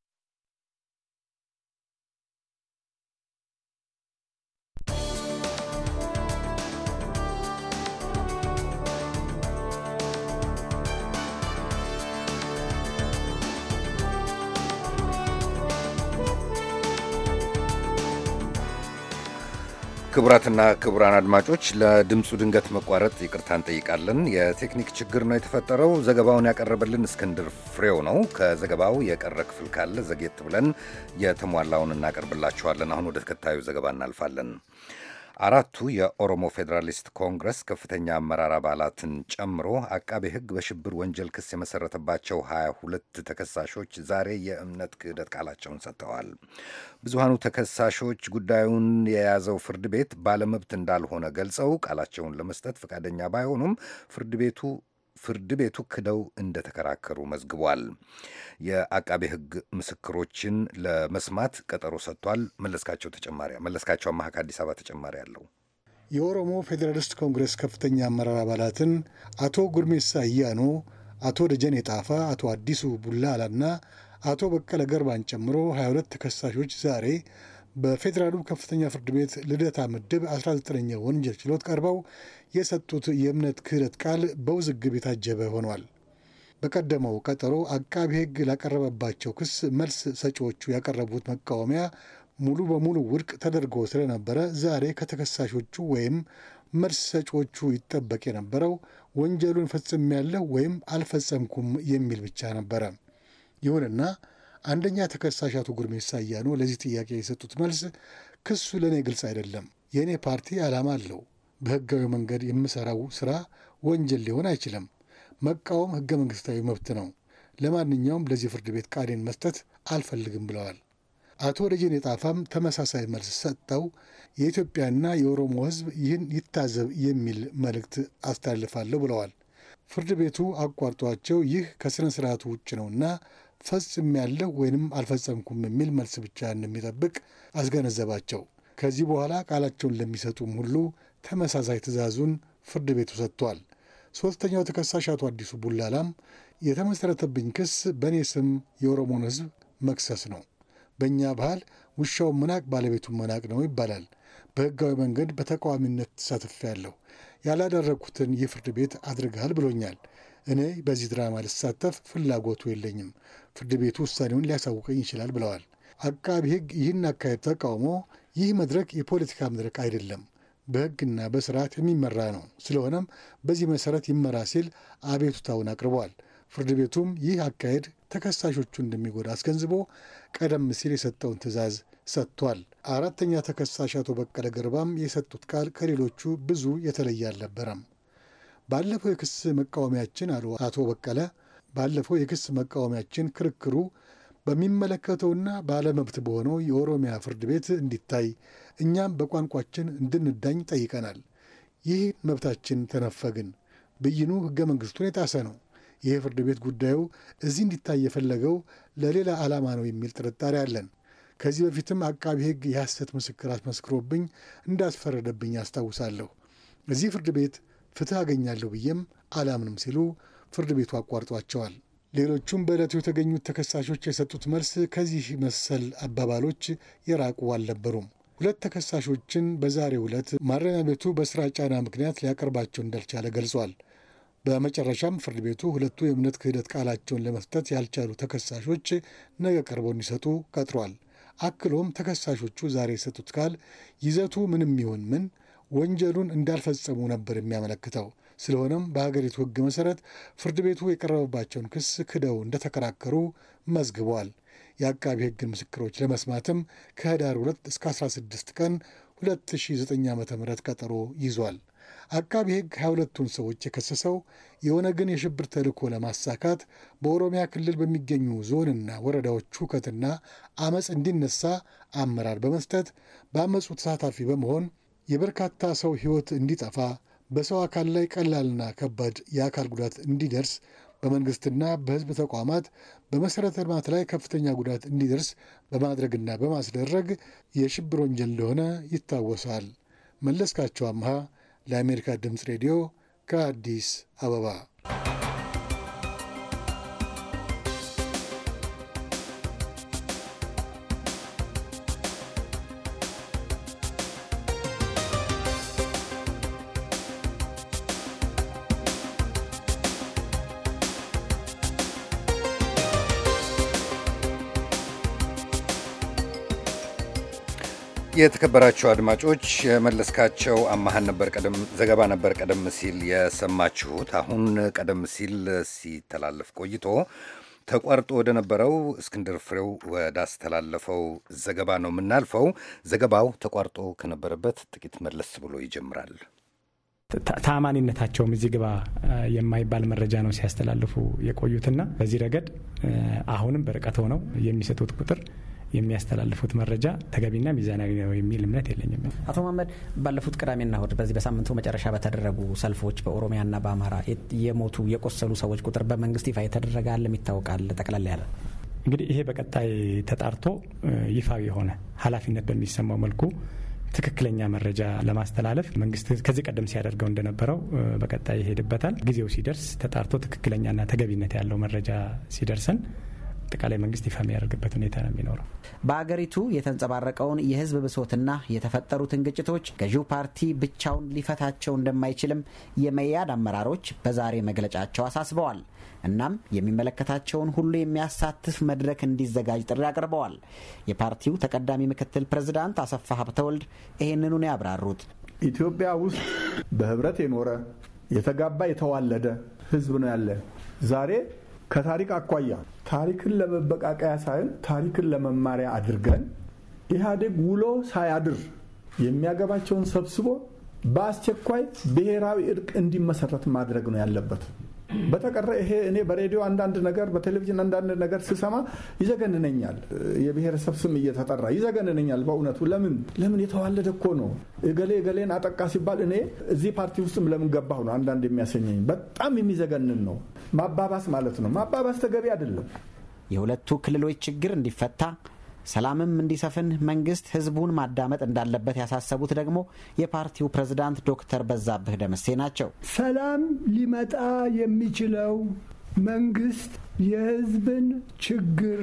ክቡራትና ክቡራን አድማጮች ለድምፁ ድንገት መቋረጥ ይቅርታ እንጠይቃለን። የቴክኒክ ችግር ነው የተፈጠረው። ዘገባውን ያቀረበልን እስክንድር ፍሬው ነው። ከዘገባው የቀረ ክፍል ካለ ዘግየት ብለን የተሟላውን እናቀርብላችኋለን። አሁን ወደ ተከታዩ ዘገባ እናልፋለን። አራቱ የኦሮሞ ፌዴራሊስት ኮንግረስ ከፍተኛ አመራር አባላትን ጨምሮ አቃቤ ሕግ በሽብር ወንጀል ክስ የመሰረተባቸው ሀያ ሁለት ተከሳሾች ዛሬ የእምነት ክህደት ቃላቸውን ሰጥተዋል። ብዙሃኑ ተከሳሾች ጉዳዩን የያዘው ፍርድ ቤት ባለመብት እንዳልሆነ ገልጸው ቃላቸውን ለመስጠት ፈቃደኛ ባይሆኑም ፍርድ ቤቱ ፍርድ ቤቱ ክደው እንደተከራከሩ መዝግቧል። የአቃቤ ሕግ ምስክሮችን ለመስማት ቀጠሮ ሰጥቷል። መለስካቸው ተጨማሪ መለስካቸው አማሃ ከአዲስ አበባ ተጨማሪ አለው። የኦሮሞ ፌዴራሊስት ኮንግረስ ከፍተኛ አመራር አባላትን አቶ ጉርሜሳ አያኖ፣ አቶ ደጀኔ ጣፋ፣ አቶ አዲሱ ቡላላና አቶ በቀለ ገርባን ጨምሮ 22 ተከሳሾች ዛሬ በፌዴራሉ ከፍተኛ ፍርድ ቤት ልደታ ምድብ 19ኛ ወንጀል ችሎት ቀርበው የሰጡት የእምነት ክህደት ቃል በውዝግብ የታጀበ ሆኗል። በቀደመው ቀጠሮ አቃቢ ሕግ ላቀረበባቸው ክስ መልስ ሰጪዎቹ ያቀረቡት መቃወሚያ ሙሉ በሙሉ ውድቅ ተደርጎ ስለነበረ ዛሬ ከተከሳሾቹ ወይም መልስ ሰጪዎቹ ይጠበቅ የነበረው ወንጀሉን ፈጽሜያለሁ ወይም አልፈጸምኩም የሚል ብቻ ነበረ። ይሁንና አንደኛ ተከሳሽ አቶ ጉርሜሳ አያኖ ለዚህ ጥያቄ የሰጡት መልስ ክሱ ለእኔ ግልጽ አይደለም፣ የእኔ ፓርቲ ዓላማ አለው፣ በህጋዊ መንገድ የምሰራው ስራ ወንጀል ሊሆን አይችልም፣ መቃወም ህገ መንግስታዊ መብት ነው፣ ለማንኛውም ለዚህ ፍርድ ቤት ቃዴን መስጠት አልፈልግም ብለዋል። አቶ ደጀኔ ጣፋም ተመሳሳይ መልስ ሰጥተው የኢትዮጵያና የኦሮሞ ህዝብ ይህን ይታዘብ የሚል መልእክት አስተላልፋለሁ ብለዋል። ፍርድ ቤቱ አቋርጧቸው ይህ ከሥነ ሥርዓቱ ውጭ ነውና ፈጽም ያለ ወይንም አልፈጸምኩም የሚል መልስ ብቻ እንደሚጠብቅ አስገነዘባቸው። ከዚህ በኋላ ቃላቸውን ለሚሰጡም ሁሉ ተመሳሳይ ትዕዛዙን ፍርድ ቤቱ ሰጥቷል። ሶስተኛው ተከሳሽ አቶ አዲሱ ቡላላም የተመሰረተብኝ ክስ በእኔ ስም የኦሮሞን ሕዝብ መክሰስ ነው። በእኛ ባህል ውሻው መናቅ ባለቤቱን መናቅ ነው ይባላል። በሕጋዊ መንገድ በተቃዋሚነት ተሳትፌያለሁ። ያላደረግኩትን ይህ ፍርድ ቤት አድርገሃል ብሎኛል። እኔ በዚህ ድራማ ልሳተፍ ፍላጎቱ የለኝም። ፍርድ ቤቱ ውሳኔውን ሊያሳውቀኝ ይችላል ብለዋል። አቃቢ ሕግ ይህን አካሄድ ተቃውሞ ይህ መድረክ የፖለቲካ መድረክ አይደለም፣ በሕግና በስርዓት የሚመራ ነው፣ ስለሆነም በዚህ መሰረት ይመራ ሲል አቤቱታውን አቅርቧል። ፍርድ ቤቱም ይህ አካሄድ ተከሳሾቹ እንደሚጎዳ አስገንዝቦ ቀደም ሲል የሰጠውን ትዕዛዝ ሰጥቷል። አራተኛ ተከሳሽ አቶ በቀለ ገርባም የሰጡት ቃል ከሌሎቹ ብዙ የተለየ አልነበረም። ባለፈው የክስ መቃወሚያችን አሉ አቶ በቀለ ባለፈው የክስ መቃወሚያችን ክርክሩ በሚመለከተውና ባለመብት በሆነው የኦሮሚያ ፍርድ ቤት እንዲታይ እኛም በቋንቋችን እንድንዳኝ ጠይቀናል። ይህ መብታችን ተነፈግን። ብይኑ ሕገ መንግሥቱን የጣሰ ነው። ይህ ፍርድ ቤት ጉዳዩ እዚህ እንዲታይ የፈለገው ለሌላ ዓላማ ነው የሚል ጥርጣሬ አለን። ከዚህ በፊትም አቃቢ ሕግ የሐሰት ምስክር አስመስክሮብኝ እንዳስፈረደብኝ አስታውሳለሁ። እዚህ ፍርድ ቤት ፍትህ አገኛለሁ ብዬም አላምንም ሲሉ ፍርድ ቤቱ አቋርጧቸዋል። ሌሎቹም በዕለቱ የተገኙት ተከሳሾች የሰጡት መልስ ከዚህ መሰል አባባሎች የራቁ አልነበሩም። ሁለት ተከሳሾችን በዛሬው ዕለት ማረሚያ ቤቱ በስራ ጫና ምክንያት ሊያቀርባቸው እንዳልቻለ ገልጿል። በመጨረሻም ፍርድ ቤቱ ሁለቱ የእምነት ክህደት ቃላቸውን ለመስጠት ያልቻሉ ተከሳሾች ነገ ቀርበው እንዲሰጡ ቀጥሯል። አክሎም ተከሳሾቹ ዛሬ የሰጡት ቃል ይዘቱ ምንም ይሁን ምን ወንጀሉን እንዳልፈጸሙ ነበር የሚያመለክተው። ስለሆነም በሀገሪቱ ሕግ መሰረት ፍርድ ቤቱ የቀረበባቸውን ክስ ክደው እንደተከራከሩ መዝግቧል። የአቃቢ ሕግን ምስክሮች ለመስማትም ከህዳር 2 እስከ 16 ቀን 2009 ዓ ም ቀጠሮ ይዟል። አቃቢ ሕግ 22ቱን ሰዎች የከሰሰው የኦነግን የሽብር ተልዕኮ ለማሳካት በኦሮሚያ ክልል በሚገኙ ዞንና ወረዳዎች ሁከትና አመፅ እንዲነሳ አመራር በመስጠት በአመፁ ተሳታፊ በመሆን የበርካታ ሰው ሕይወት እንዲጠፋ በሰው አካል ላይ ቀላልና ከባድ የአካል ጉዳት እንዲደርስ በመንግስትና በህዝብ ተቋማት በመሠረተ ልማት ላይ ከፍተኛ ጉዳት እንዲደርስ በማድረግና በማስደረግ የሽብር ወንጀል እንደሆነ ይታወሳል። መለስካቸው አምሃ ለአሜሪካ ድምፅ ሬዲዮ ከአዲስ አበባ የተከበራቸው አድማጮች የመለስካቸው አማሃን ነበር ቀደም ዘገባ ነበር ቀደም ሲል የሰማችሁት። አሁን ቀደም ሲል ሲተላለፍ ቆይቶ ተቋርጦ ወደ ነበረው እስክንድር ፍሬው ወዳስተላለፈው ዘገባ ነው የምናልፈው። ዘገባው ተቋርጦ ከነበረበት ጥቂት መለስ ብሎ ይጀምራል። ታማኒነታቸውም እዚህ ግባ የማይባል መረጃ ነው ሲያስተላልፉ የቆዩትና በዚህ ረገድ አሁንም በርቀት ሆነው የሚሰጡት ቁጥር የሚያስተላልፉት መረጃ ተገቢና ሚዛናዊ ነው የሚል እምነት የለኝም። አቶ መሀመድ ባለፉት ቅዳሜና እሁድ በዚህ በሳምንቱ መጨረሻ በተደረጉ ሰልፎች በኦሮሚያና በአማራ የሞቱ የቆሰሉ ሰዎች ቁጥር በመንግስት ይፋ የተደረገ አለም ይታወቃል። ጠቅላላ ያለ እንግዲህ ይሄ በቀጣይ ተጣርቶ ይፋዊ የሆነ ኃላፊነት በሚሰማው መልኩ ትክክለኛ መረጃ ለማስተላለፍ መንግስት ከዚህ ቀደም ሲያደርገው እንደነበረው በቀጣይ ይሄድበታል። ጊዜው ሲደርስ ተጣርቶ ትክክለኛና ተገቢነት ያለው መረጃ ሲደርሰን አጠቃላይ መንግስት ይፋ የሚያደርግበት ሁኔታ ነው የሚኖረው። በአገሪቱ የተንጸባረቀውን የህዝብ ብሶትና የተፈጠሩትን ግጭቶች ገዢው ፓርቲ ብቻውን ሊፈታቸው እንደማይችልም የመያድ አመራሮች በዛሬ መግለጫቸው አሳስበዋል። እናም የሚመለከታቸውን ሁሉ የሚያሳትፍ መድረክ እንዲዘጋጅ ጥሪ አቅርበዋል። የፓርቲው ተቀዳሚ ምክትል ፕሬዝዳንት አሰፋ ሀብተወልድ ይህንኑ ነው ያብራሩት። ኢትዮጵያ ውስጥ በህብረት የኖረ የተጋባ የተዋለደ ህዝብ ነው ያለ ዛሬ ከታሪክ አኳያ ታሪክን ለመበቃቀያ ሳይሆን ታሪክን ለመማሪያ አድርገን ኢህአዴግ ውሎ ሳያድር የሚያገባቸውን ሰብስቦ በአስቸኳይ ብሔራዊ እርቅ እንዲመሰረት ማድረግ ነው ያለበት። በተቀረ ይሄ እኔ በሬዲዮ አንዳንድ ነገር በቴሌቪዥን አንዳንድ ነገር ስሰማ ይዘገንነኛል። የብሔረሰብ ስም እየተጠራ ይዘገንነኛል። በእውነቱ ለምን ለምን የተዋለደ እኮ ነው። እገሌ እገሌን አጠቃ ሲባል እኔ እዚህ ፓርቲ ውስጥም ለምን ገባሁ ነው አንዳንድ የሚያሰኘኝ። በጣም የሚዘገንን ነው። ማባባስ ማለት ነው። ማባባስ ተገቢ አይደለም። የሁለቱ ክልሎች ችግር እንዲፈታ ሰላምም እንዲሰፍን መንግስት ህዝቡን ማዳመጥ እንዳለበት ያሳሰቡት ደግሞ የፓርቲው ፕሬዝዳንት ዶክተር በዛብህ ደምሴ ናቸው። ሰላም ሊመጣ የሚችለው መንግስት የህዝብን ችግር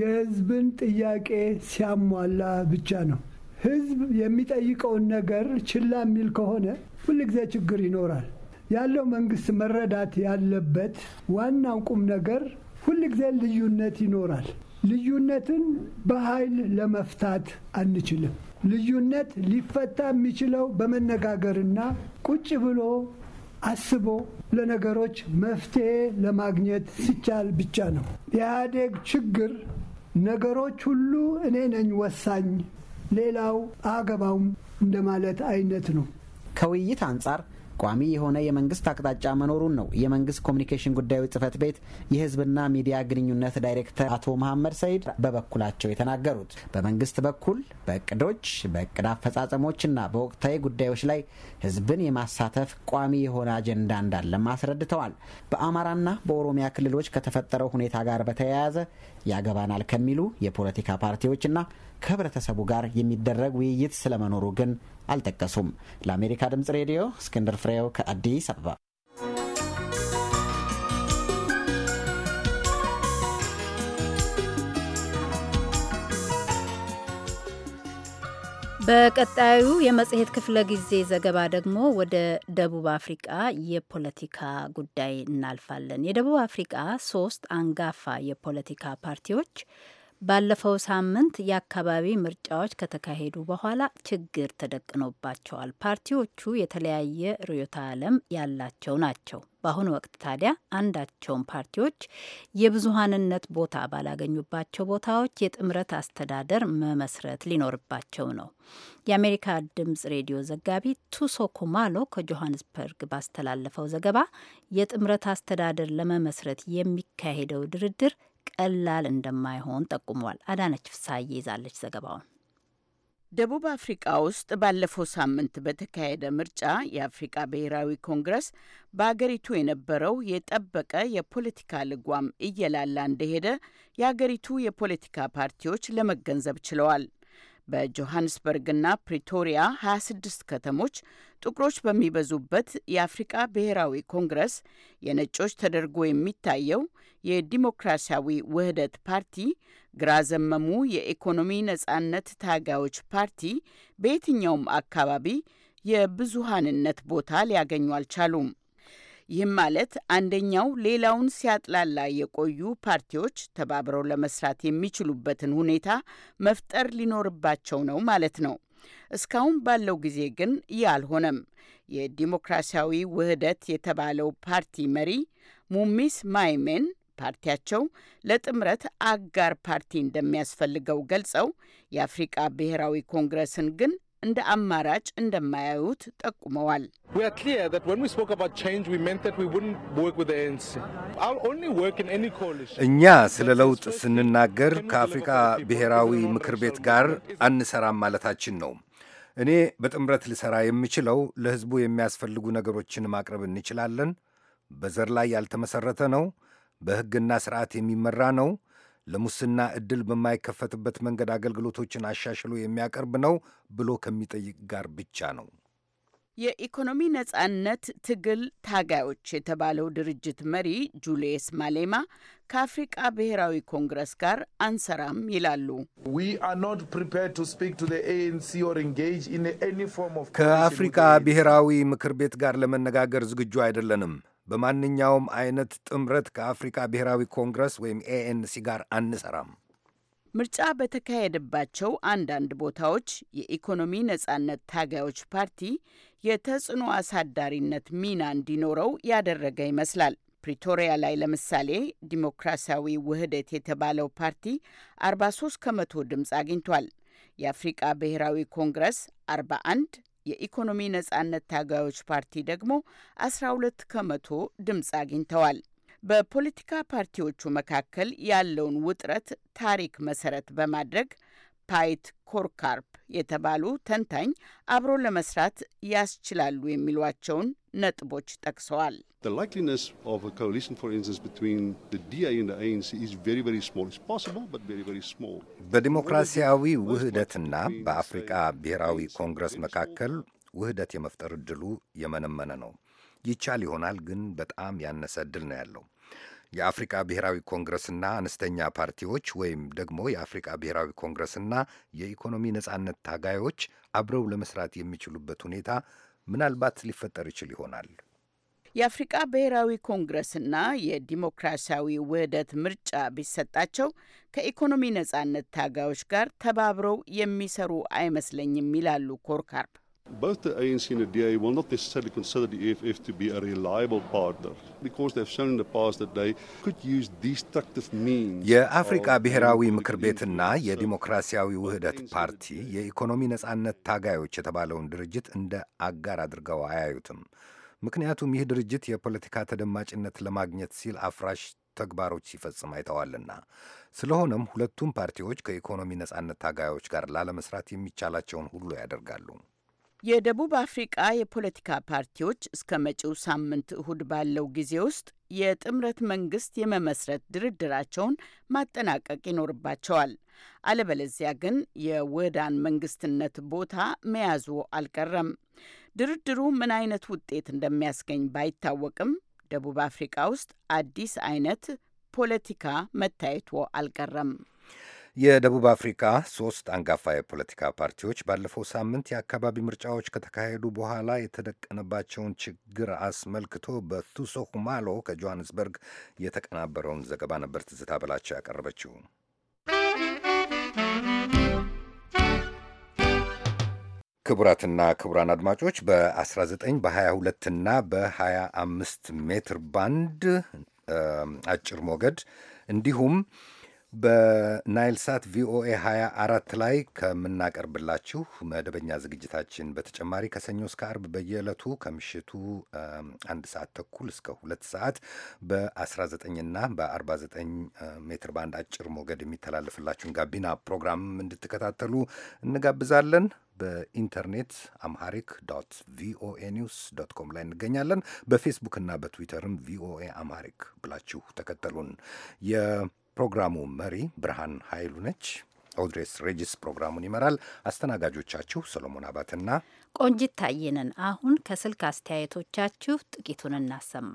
የህዝብን ጥያቄ ሲያሟላ ብቻ ነው። ህዝብ የሚጠይቀውን ነገር ችላ የሚል ከሆነ ሁልጊዜ ችግር ይኖራል። ያለው መንግስት መረዳት ያለበት ዋናው ቁም ነገር ሁልጊዜ ልዩነት ይኖራል። ልዩነትን በኃይል ለመፍታት አንችልም። ልዩነት ሊፈታ የሚችለው በመነጋገርና ቁጭ ብሎ አስቦ ለነገሮች መፍትሄ ለማግኘት ሲቻል ብቻ ነው። የኢህአዴግ ችግር ነገሮች ሁሉ እኔ ነኝ ወሳኝ፣ ሌላው አገባውም እንደማለት አይነት ነው። ከውይይት አንጻር ቋሚ የሆነ የመንግስት አቅጣጫ መኖሩን ነው የመንግስት ኮሚኒኬሽን ጉዳዮች ጽህፈት ቤት የህዝብና ሚዲያ ግንኙነት ዳይሬክተር አቶ መሐመድ ሰይድ በበኩላቸው የተናገሩት። በመንግስት በኩል በእቅዶች በእቅድ አፈጻጸሞችና በወቅታዊ ጉዳዮች ላይ ህዝብን የማሳተፍ ቋሚ የሆነ አጀንዳ እንዳለም አስረድተዋል። በአማራና በኦሮሚያ ክልሎች ከተፈጠረው ሁኔታ ጋር በተያያዘ ያገባናል ከሚሉ የፖለቲካ ፓርቲዎችና ከህብረተሰቡ ጋር የሚደረግ ውይይት ስለመኖሩ ግን አልጠቀሱም። ለአሜሪካ ድምጽ ሬዲዮ እስክንድር ፍሬው ከአዲስ አበባ። በቀጣዩ የመጽሔት ክፍለ ጊዜ ዘገባ ደግሞ ወደ ደቡብ አፍሪቃ የፖለቲካ ጉዳይ እናልፋለን። የደቡብ አፍሪቃ ሶስት አንጋፋ የፖለቲካ ፓርቲዎች ባለፈው ሳምንት የአካባቢ ምርጫዎች ከተካሄዱ በኋላ ችግር ተደቅኖባቸዋል። ፓርቲዎቹ የተለያየ ርዕዮተ ዓለም ያላቸው ናቸው። በአሁኑ ወቅት ታዲያ አንዳቸውም ፓርቲዎች የብዙሀንነት ቦታ ባላገኙባቸው ቦታዎች የጥምረት አስተዳደር መመስረት ሊኖርባቸው ነው። የአሜሪካ ድምጽ ሬዲዮ ዘጋቢ ቱሶ ኩማሎ ከጆሃንስበርግ ባስተላለፈው ዘገባ የጥምረት አስተዳደር ለመመስረት የሚካሄደው ድርድር ቀላል እንደማይሆን ጠቁሟል። አዳነች ፍሳዬ ይዛለች ዘገባውን። ደቡብ አፍሪቃ ውስጥ ባለፈው ሳምንት በተካሄደ ምርጫ የአፍሪቃ ብሔራዊ ኮንግረስ በአገሪቱ የነበረው የጠበቀ የፖለቲካ ልጓም እየላላ እንደሄደ የአገሪቱ የፖለቲካ ፓርቲዎች ለመገንዘብ ችለዋል። በጆሃንስበርግና ፕሪቶሪያ 26 ከተሞች ጥቁሮች በሚበዙበት የአፍሪቃ ብሔራዊ ኮንግረስ የነጮች ተደርጎ የሚታየው የዲሞክራሲያዊ ውህደት ፓርቲ ግራ ዘመሙ የኢኮኖሚ ነጻነት ታጋዮች ፓርቲ በየትኛውም አካባቢ የብዙሃንነት ቦታ ሊያገኙ አልቻሉም። ይህም ማለት አንደኛው ሌላውን ሲያጥላላ የቆዩ ፓርቲዎች ተባብረው ለመስራት የሚችሉበትን ሁኔታ መፍጠር ሊኖርባቸው ነው ማለት ነው። እስካሁን ባለው ጊዜ ግን ይህ አልሆነም። የዲሞክራሲያዊ ውህደት የተባለው ፓርቲ መሪ ሙሚስ ማይሜን ፓርቲያቸው ለጥምረት አጋር ፓርቲ እንደሚያስፈልገው ገልጸው የአፍሪቃ ብሔራዊ ኮንግረስን ግን እንደ አማራጭ እንደማያዩት ጠቁመዋል። እኛ ስለ ለውጥ ስንናገር ከአፍሪካ ብሔራዊ ምክር ቤት ጋር አንሰራም ማለታችን ነው። እኔ በጥምረት ልሰራ የምችለው ለሕዝቡ የሚያስፈልጉ ነገሮችን ማቅረብ እንችላለን። በዘር ላይ ያልተመሠረተ ነው። በሕግና ስርዓት የሚመራ ነው። ለሙስና ዕድል በማይከፈትበት መንገድ አገልግሎቶችን አሻሽሎ የሚያቀርብ ነው ብሎ ከሚጠይቅ ጋር ብቻ ነው። የኢኮኖሚ ነጻነት ትግል ታጋዮች የተባለው ድርጅት መሪ ጁልየስ ማሌማ ከአፍሪቃ ብሔራዊ ኮንግረስ ጋር አንሰራም ይላሉ። ከአፍሪቃ ብሔራዊ ምክር ቤት ጋር ለመነጋገር ዝግጁ አይደለንም። በማንኛውም አይነት ጥምረት ከአፍሪካ ብሔራዊ ኮንግረስ ወይም ኤኤንሲ ጋር አንሰራም። ምርጫ በተካሄደባቸው አንዳንድ ቦታዎች የኢኮኖሚ ነጻነት ታጋዮች ፓርቲ የተጽዕኖ አሳዳሪነት ሚና እንዲኖረው ያደረገ ይመስላል። ፕሪቶሪያ ላይ ለምሳሌ ዲሞክራሲያዊ ውህደት የተባለው ፓርቲ 43 ከመቶ ድምፅ አግኝቷል። የአፍሪቃ ብሔራዊ ኮንግረስ 41፣ የኢኮኖሚ ነጻነት ታጋዮች ፓርቲ ደግሞ 12 ከመቶ ድምፅ አግኝተዋል። በፖለቲካ ፓርቲዎቹ መካከል ያለውን ውጥረት ታሪክ መሰረት በማድረግ ፓይት ኮርካር የተባሉ ተንታኝ አብሮ ለመስራት ያስችላሉ የሚሏቸውን ነጥቦች ጠቅሰዋል። በዲሞክራሲያዊ ውህደትና በአፍሪቃ ብሔራዊ ኮንግረስ መካከል ውህደት የመፍጠር እድሉ የመነመነ ነው። ይቻል ይሆናል ግን በጣም ያነሰ እድል ነው ያለው። የአፍሪቃ ብሔራዊ ኮንግረስና አነስተኛ ፓርቲዎች ወይም ደግሞ የአፍሪቃ ብሔራዊ ኮንግረስና የኢኮኖሚ ነጻነት ታጋዮች አብረው ለመስራት የሚችሉበት ሁኔታ ምናልባት ሊፈጠር ይችል ይሆናል። የአፍሪቃ ብሔራዊ ኮንግረስና የዲሞክራሲያዊ ውህደት ምርጫ ቢሰጣቸው ከኢኮኖሚ ነጻነት ታጋዮች ጋር ተባብረው የሚሰሩ አይመስለኝም ይላሉ ኮርካርፕ። Both the ANC and the DA will not necessarily consider the EFF to be a reliable partner because they've shown in the past that they could use destructive means. የአፍሪቃ ብሔራዊ ምክር ቤትና e የዲሞክራሲያዊ ውህደት ፓርቲ የኢኮኖሚ ነጻነት ታጋዮች የተባለውን ድርጅት እንደ አጋር አድርገው አያዩትም። ምክንያቱም ይህ ድርጅት የፖለቲካ ተደማጭነት ለማግኘት ሲል አፍራሽ ተግባሮች ሲፈጽም አይተዋልና። ስለሆነም ሁለቱም ፓርቲዎች ከኢኮኖሚ ነጻነት ታጋዮች ጋር ላለመስራት የሚቻላቸውን ሁሉ ያደርጋሉ። የደቡብ አፍሪቃ የፖለቲካ ፓርቲዎች እስከ መጪው ሳምንት እሁድ ባለው ጊዜ ውስጥ የጥምረት መንግስት የመመስረት ድርድራቸውን ማጠናቀቅ ይኖርባቸዋል። አለበለዚያ ግን የወዳን መንግስትነት ቦታ መያዙ አልቀረም። ድርድሩ ምን አይነት ውጤት እንደሚያስገኝ ባይታወቅም ደቡብ አፍሪቃ ውስጥ አዲስ አይነት ፖለቲካ መታየቱ አልቀረም። የደቡብ አፍሪካ ሶስት አንጋፋ የፖለቲካ ፓርቲዎች ባለፈው ሳምንት የአካባቢ ምርጫዎች ከተካሄዱ በኋላ የተደቀነባቸውን ችግር አስመልክቶ በቱሶ ሁማሎ ከጆሃንስበርግ የተቀናበረውን ዘገባ ነበር ትዝታ በላቸው ያቀረበችው። ክቡራትና ክቡራን አድማጮች በ19 በ22 እና በ25 ሜትር ባንድ አጭር ሞገድ እንዲሁም በናይል ሳት ቪኦኤ 24 ላይ ከምናቀርብላችሁ መደበኛ ዝግጅታችን በተጨማሪ ከሰኞ እስከ አርብ በየዕለቱ ከምሽቱ አንድ ሰዓት ተኩል እስከ ሁለት ሰዓት በ19ና በ49 ሜትር ባንድ አጭር ሞገድ የሚተላለፍላችሁን ጋቢና ፕሮግራም እንድትከታተሉ እንጋብዛለን። በኢንተርኔት አምሃሪክ ዶት ቪኦኤ ኒውስ ዶት ኮም ላይ እንገኛለን። በፌስቡክ እና በትዊተርም ቪኦኤ አምሃሪክ ብላችሁ ተከተሉን። ፕሮግራሙ መሪ ብርሃን ኃይሉ ነች። ኦድሬስ ሬጅስ ፕሮግራሙን ይመራል። አስተናጋጆቻችሁ ሰሎሞን አባትና ቆንጂት ታየንን። አሁን ከስልክ አስተያየቶቻችሁ ጥቂቱን እናሰማ።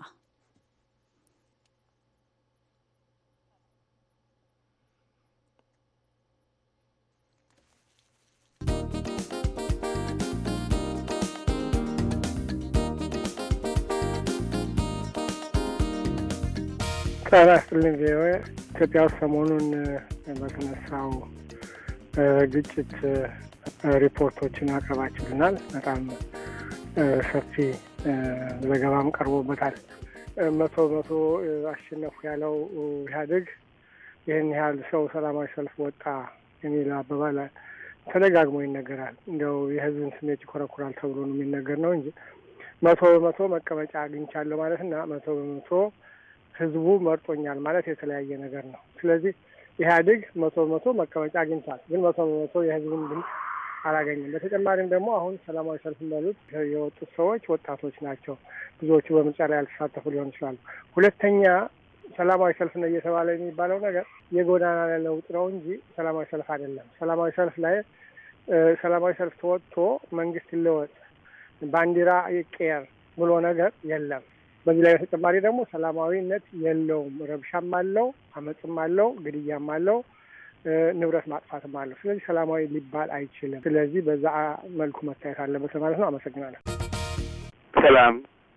ጤና ይስጥልኝ ቪኦኤ። ኢትዮጵያ ውስጥ ሰሞኑን በተነሳው ግጭት ሪፖርቶችን አቅርባችሁልናል። በጣም ሰፊ ዘገባም ቀርቦበታል። መቶ መቶ አሸነፉ ያለው ኢህአዴግ ይህን ያህል ሰው ሰላማዊ ሰልፍ ወጣ የሚለው አባባል ተደጋግሞ ይነገራል። እንደው የህዝብን ስሜት ይኮረኩራል ተብሎ ነው የሚነገር ነው እንጂ መቶ በመቶ መቀመጫ አግኝቻለሁ ማለት እና መቶ በመቶ ህዝቡ መርጦኛል ማለት የተለያየ ነገር ነው። ስለዚህ ኢህአዴግ መቶ በመቶ መቀመጫ አግኝቷል፣ ግን መቶ መቶ የህዝቡን ድምፅ አላገኝም። በተጨማሪም ደግሞ አሁን ሰላማዊ ሰልፍ እንዳሉት የወጡት ሰዎች ወጣቶች ናቸው። ብዙዎቹ በምርጫ ላይ ያልተሳተፉ ሊሆን ይችላሉ። ሁለተኛ ሰላማዊ ሰልፍ ነው እየተባለ የሚባለው ነገር የጎዳና ላይ ለውጥ ነው እንጂ ሰላማዊ ሰልፍ አይደለም። ሰላማዊ ሰልፍ ላይ ሰላማዊ ሰልፍ ተወጥቶ መንግስት ይለወጥ፣ ባንዲራ ይቀየር ብሎ ነገር የለም። በዚህ ላይ በተጨማሪ ደግሞ ሰላማዊነት የለውም። ረብሻም አለው፣ አመፅም አለው፣ ግድያም አለው፣ ንብረት ማጥፋትም አለው። ስለዚህ ሰላማዊ ሊባል አይችልም። ስለዚህ በዛ መልኩ መታየት አለበት ማለት ነው። አመሰግናለሁ። ሰላም።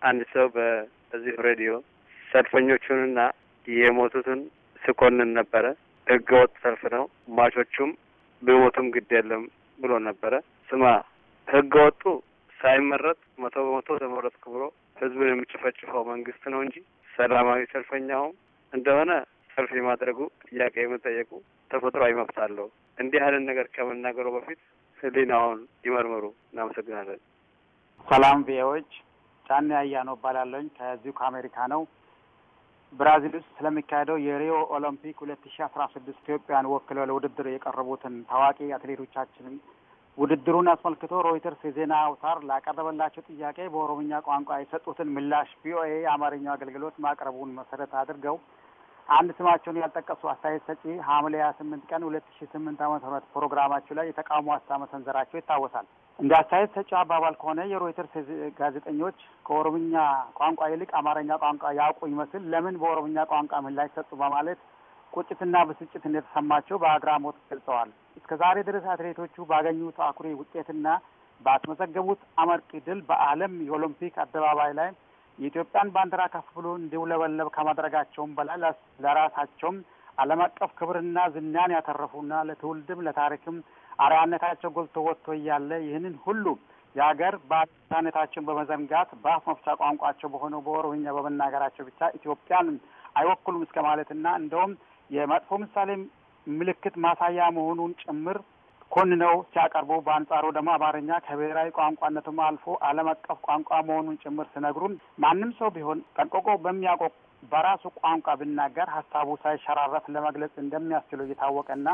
አንድ ሰው በዚሁ ሬዲዮ ሰልፈኞቹንና የሞቱትን ስኮንን ነበረ። ህገወጥ ሰልፍ ነው፣ ሟቾቹም ቢሞቱም ግድ የለም ብሎ ነበረ። ስማ ህገወጡ ሳይመረጥ መቶ በመቶ ተመረጥኩ ብሎ ህዝብን የሚጨፈጭፈው መንግስት ነው እንጂ ሰላማዊ ሰልፈኛውም እንደሆነ ሰልፍ የማድረጉ ጥያቄ የመጠየቁ ተፈጥሯዊ መብት አለው። እንዲህ ያህልን ነገር ከመናገሩ በፊት ህሊናውን ይመርምሩ። እናመሰግናለን። ሰላም ቪዎች ጫኔ አያነው እባላለሁኝ ከዚሁ ከአሜሪካ ነው። ብራዚል ውስጥ ስለሚካሄደው የሪዮ ኦሎምፒክ ሁለት ሺ አስራ ስድስት ኢትዮጵያን ወክለው ለውድድር የቀረቡትን ታዋቂ አትሌቶቻችንን ውድድሩን አስመልክቶ ሮይተርስ የዜና አውታር ላቀረበላቸው ጥያቄ በኦሮምኛ ቋንቋ የሰጡትን ምላሽ ቪኦኤ የአማርኛው አገልግሎት ማቅረቡን መሰረት አድርገው አንድ ስማቸውን ያልጠቀሱ አስተያየት ሰጪ ሐምሌ ሀያ ስምንት ቀን ሁለት ሺ ስምንት ዓመተ ምህረት ፕሮግራማቸው ላይ የተቃውሞ ሀሳብ መሰንዘራቸው ይታወሳል። እንደ አስተያየት ሰጪ አባባል ከሆነ የሮይተርስ ጋዜጠኞች ከኦሮምኛ ቋንቋ ይልቅ አማርኛ ቋንቋ ያውቁ ይመስል ለምን በኦሮምኛ ቋንቋ ምላሽ ሰጡ በማለት ቁጭትና ብስጭት እንደተሰማቸው በአግራሞት ገልጸዋል። እስከ ዛሬ ድረስ አትሌቶቹ ባገኙት አኩሪ ውጤትና ባስመዘገቡት አመርቂ ድል በዓለም የኦሎምፒክ አደባባይ ላይ የኢትዮጵያን ባንዲራ ከፍ ብሎ እንዲውለበለብ ከማድረጋቸውም በላይ ለራሳቸውም ዓለም አቀፍ ክብርና ዝናን ያተረፉና ለትውልድም ለታሪክም አርያነታቸው ጎልቶ ወጥቶ እያለ ይህንን ሁሉ የሀገር ባለታነታቸውን በመዘንጋት በአፍ መፍቻ ቋንቋቸው በሆነው በኦሮምኛ በመናገራቸው ብቻ ኢትዮጵያን አይወክሉም እስከ ማለትና እንደውም የመጥፎ ምሳሌ ምልክት ማሳያ መሆኑን ጭምር ኮንነው ሲያቀርቡ፣ በአንጻሩ ደግሞ አማርኛ ከብሔራዊ ቋንቋነቱም አልፎ ዓለም አቀፍ ቋንቋ መሆኑን ጭምር ሲነግሩን ማንም ሰው ቢሆን ጠንቅቆ በሚያውቀው በራሱ ቋንቋ ቢናገር ሀሳቡ ሳይሸራረፍ ለመግለጽ እንደሚያስችለው እየታወቀና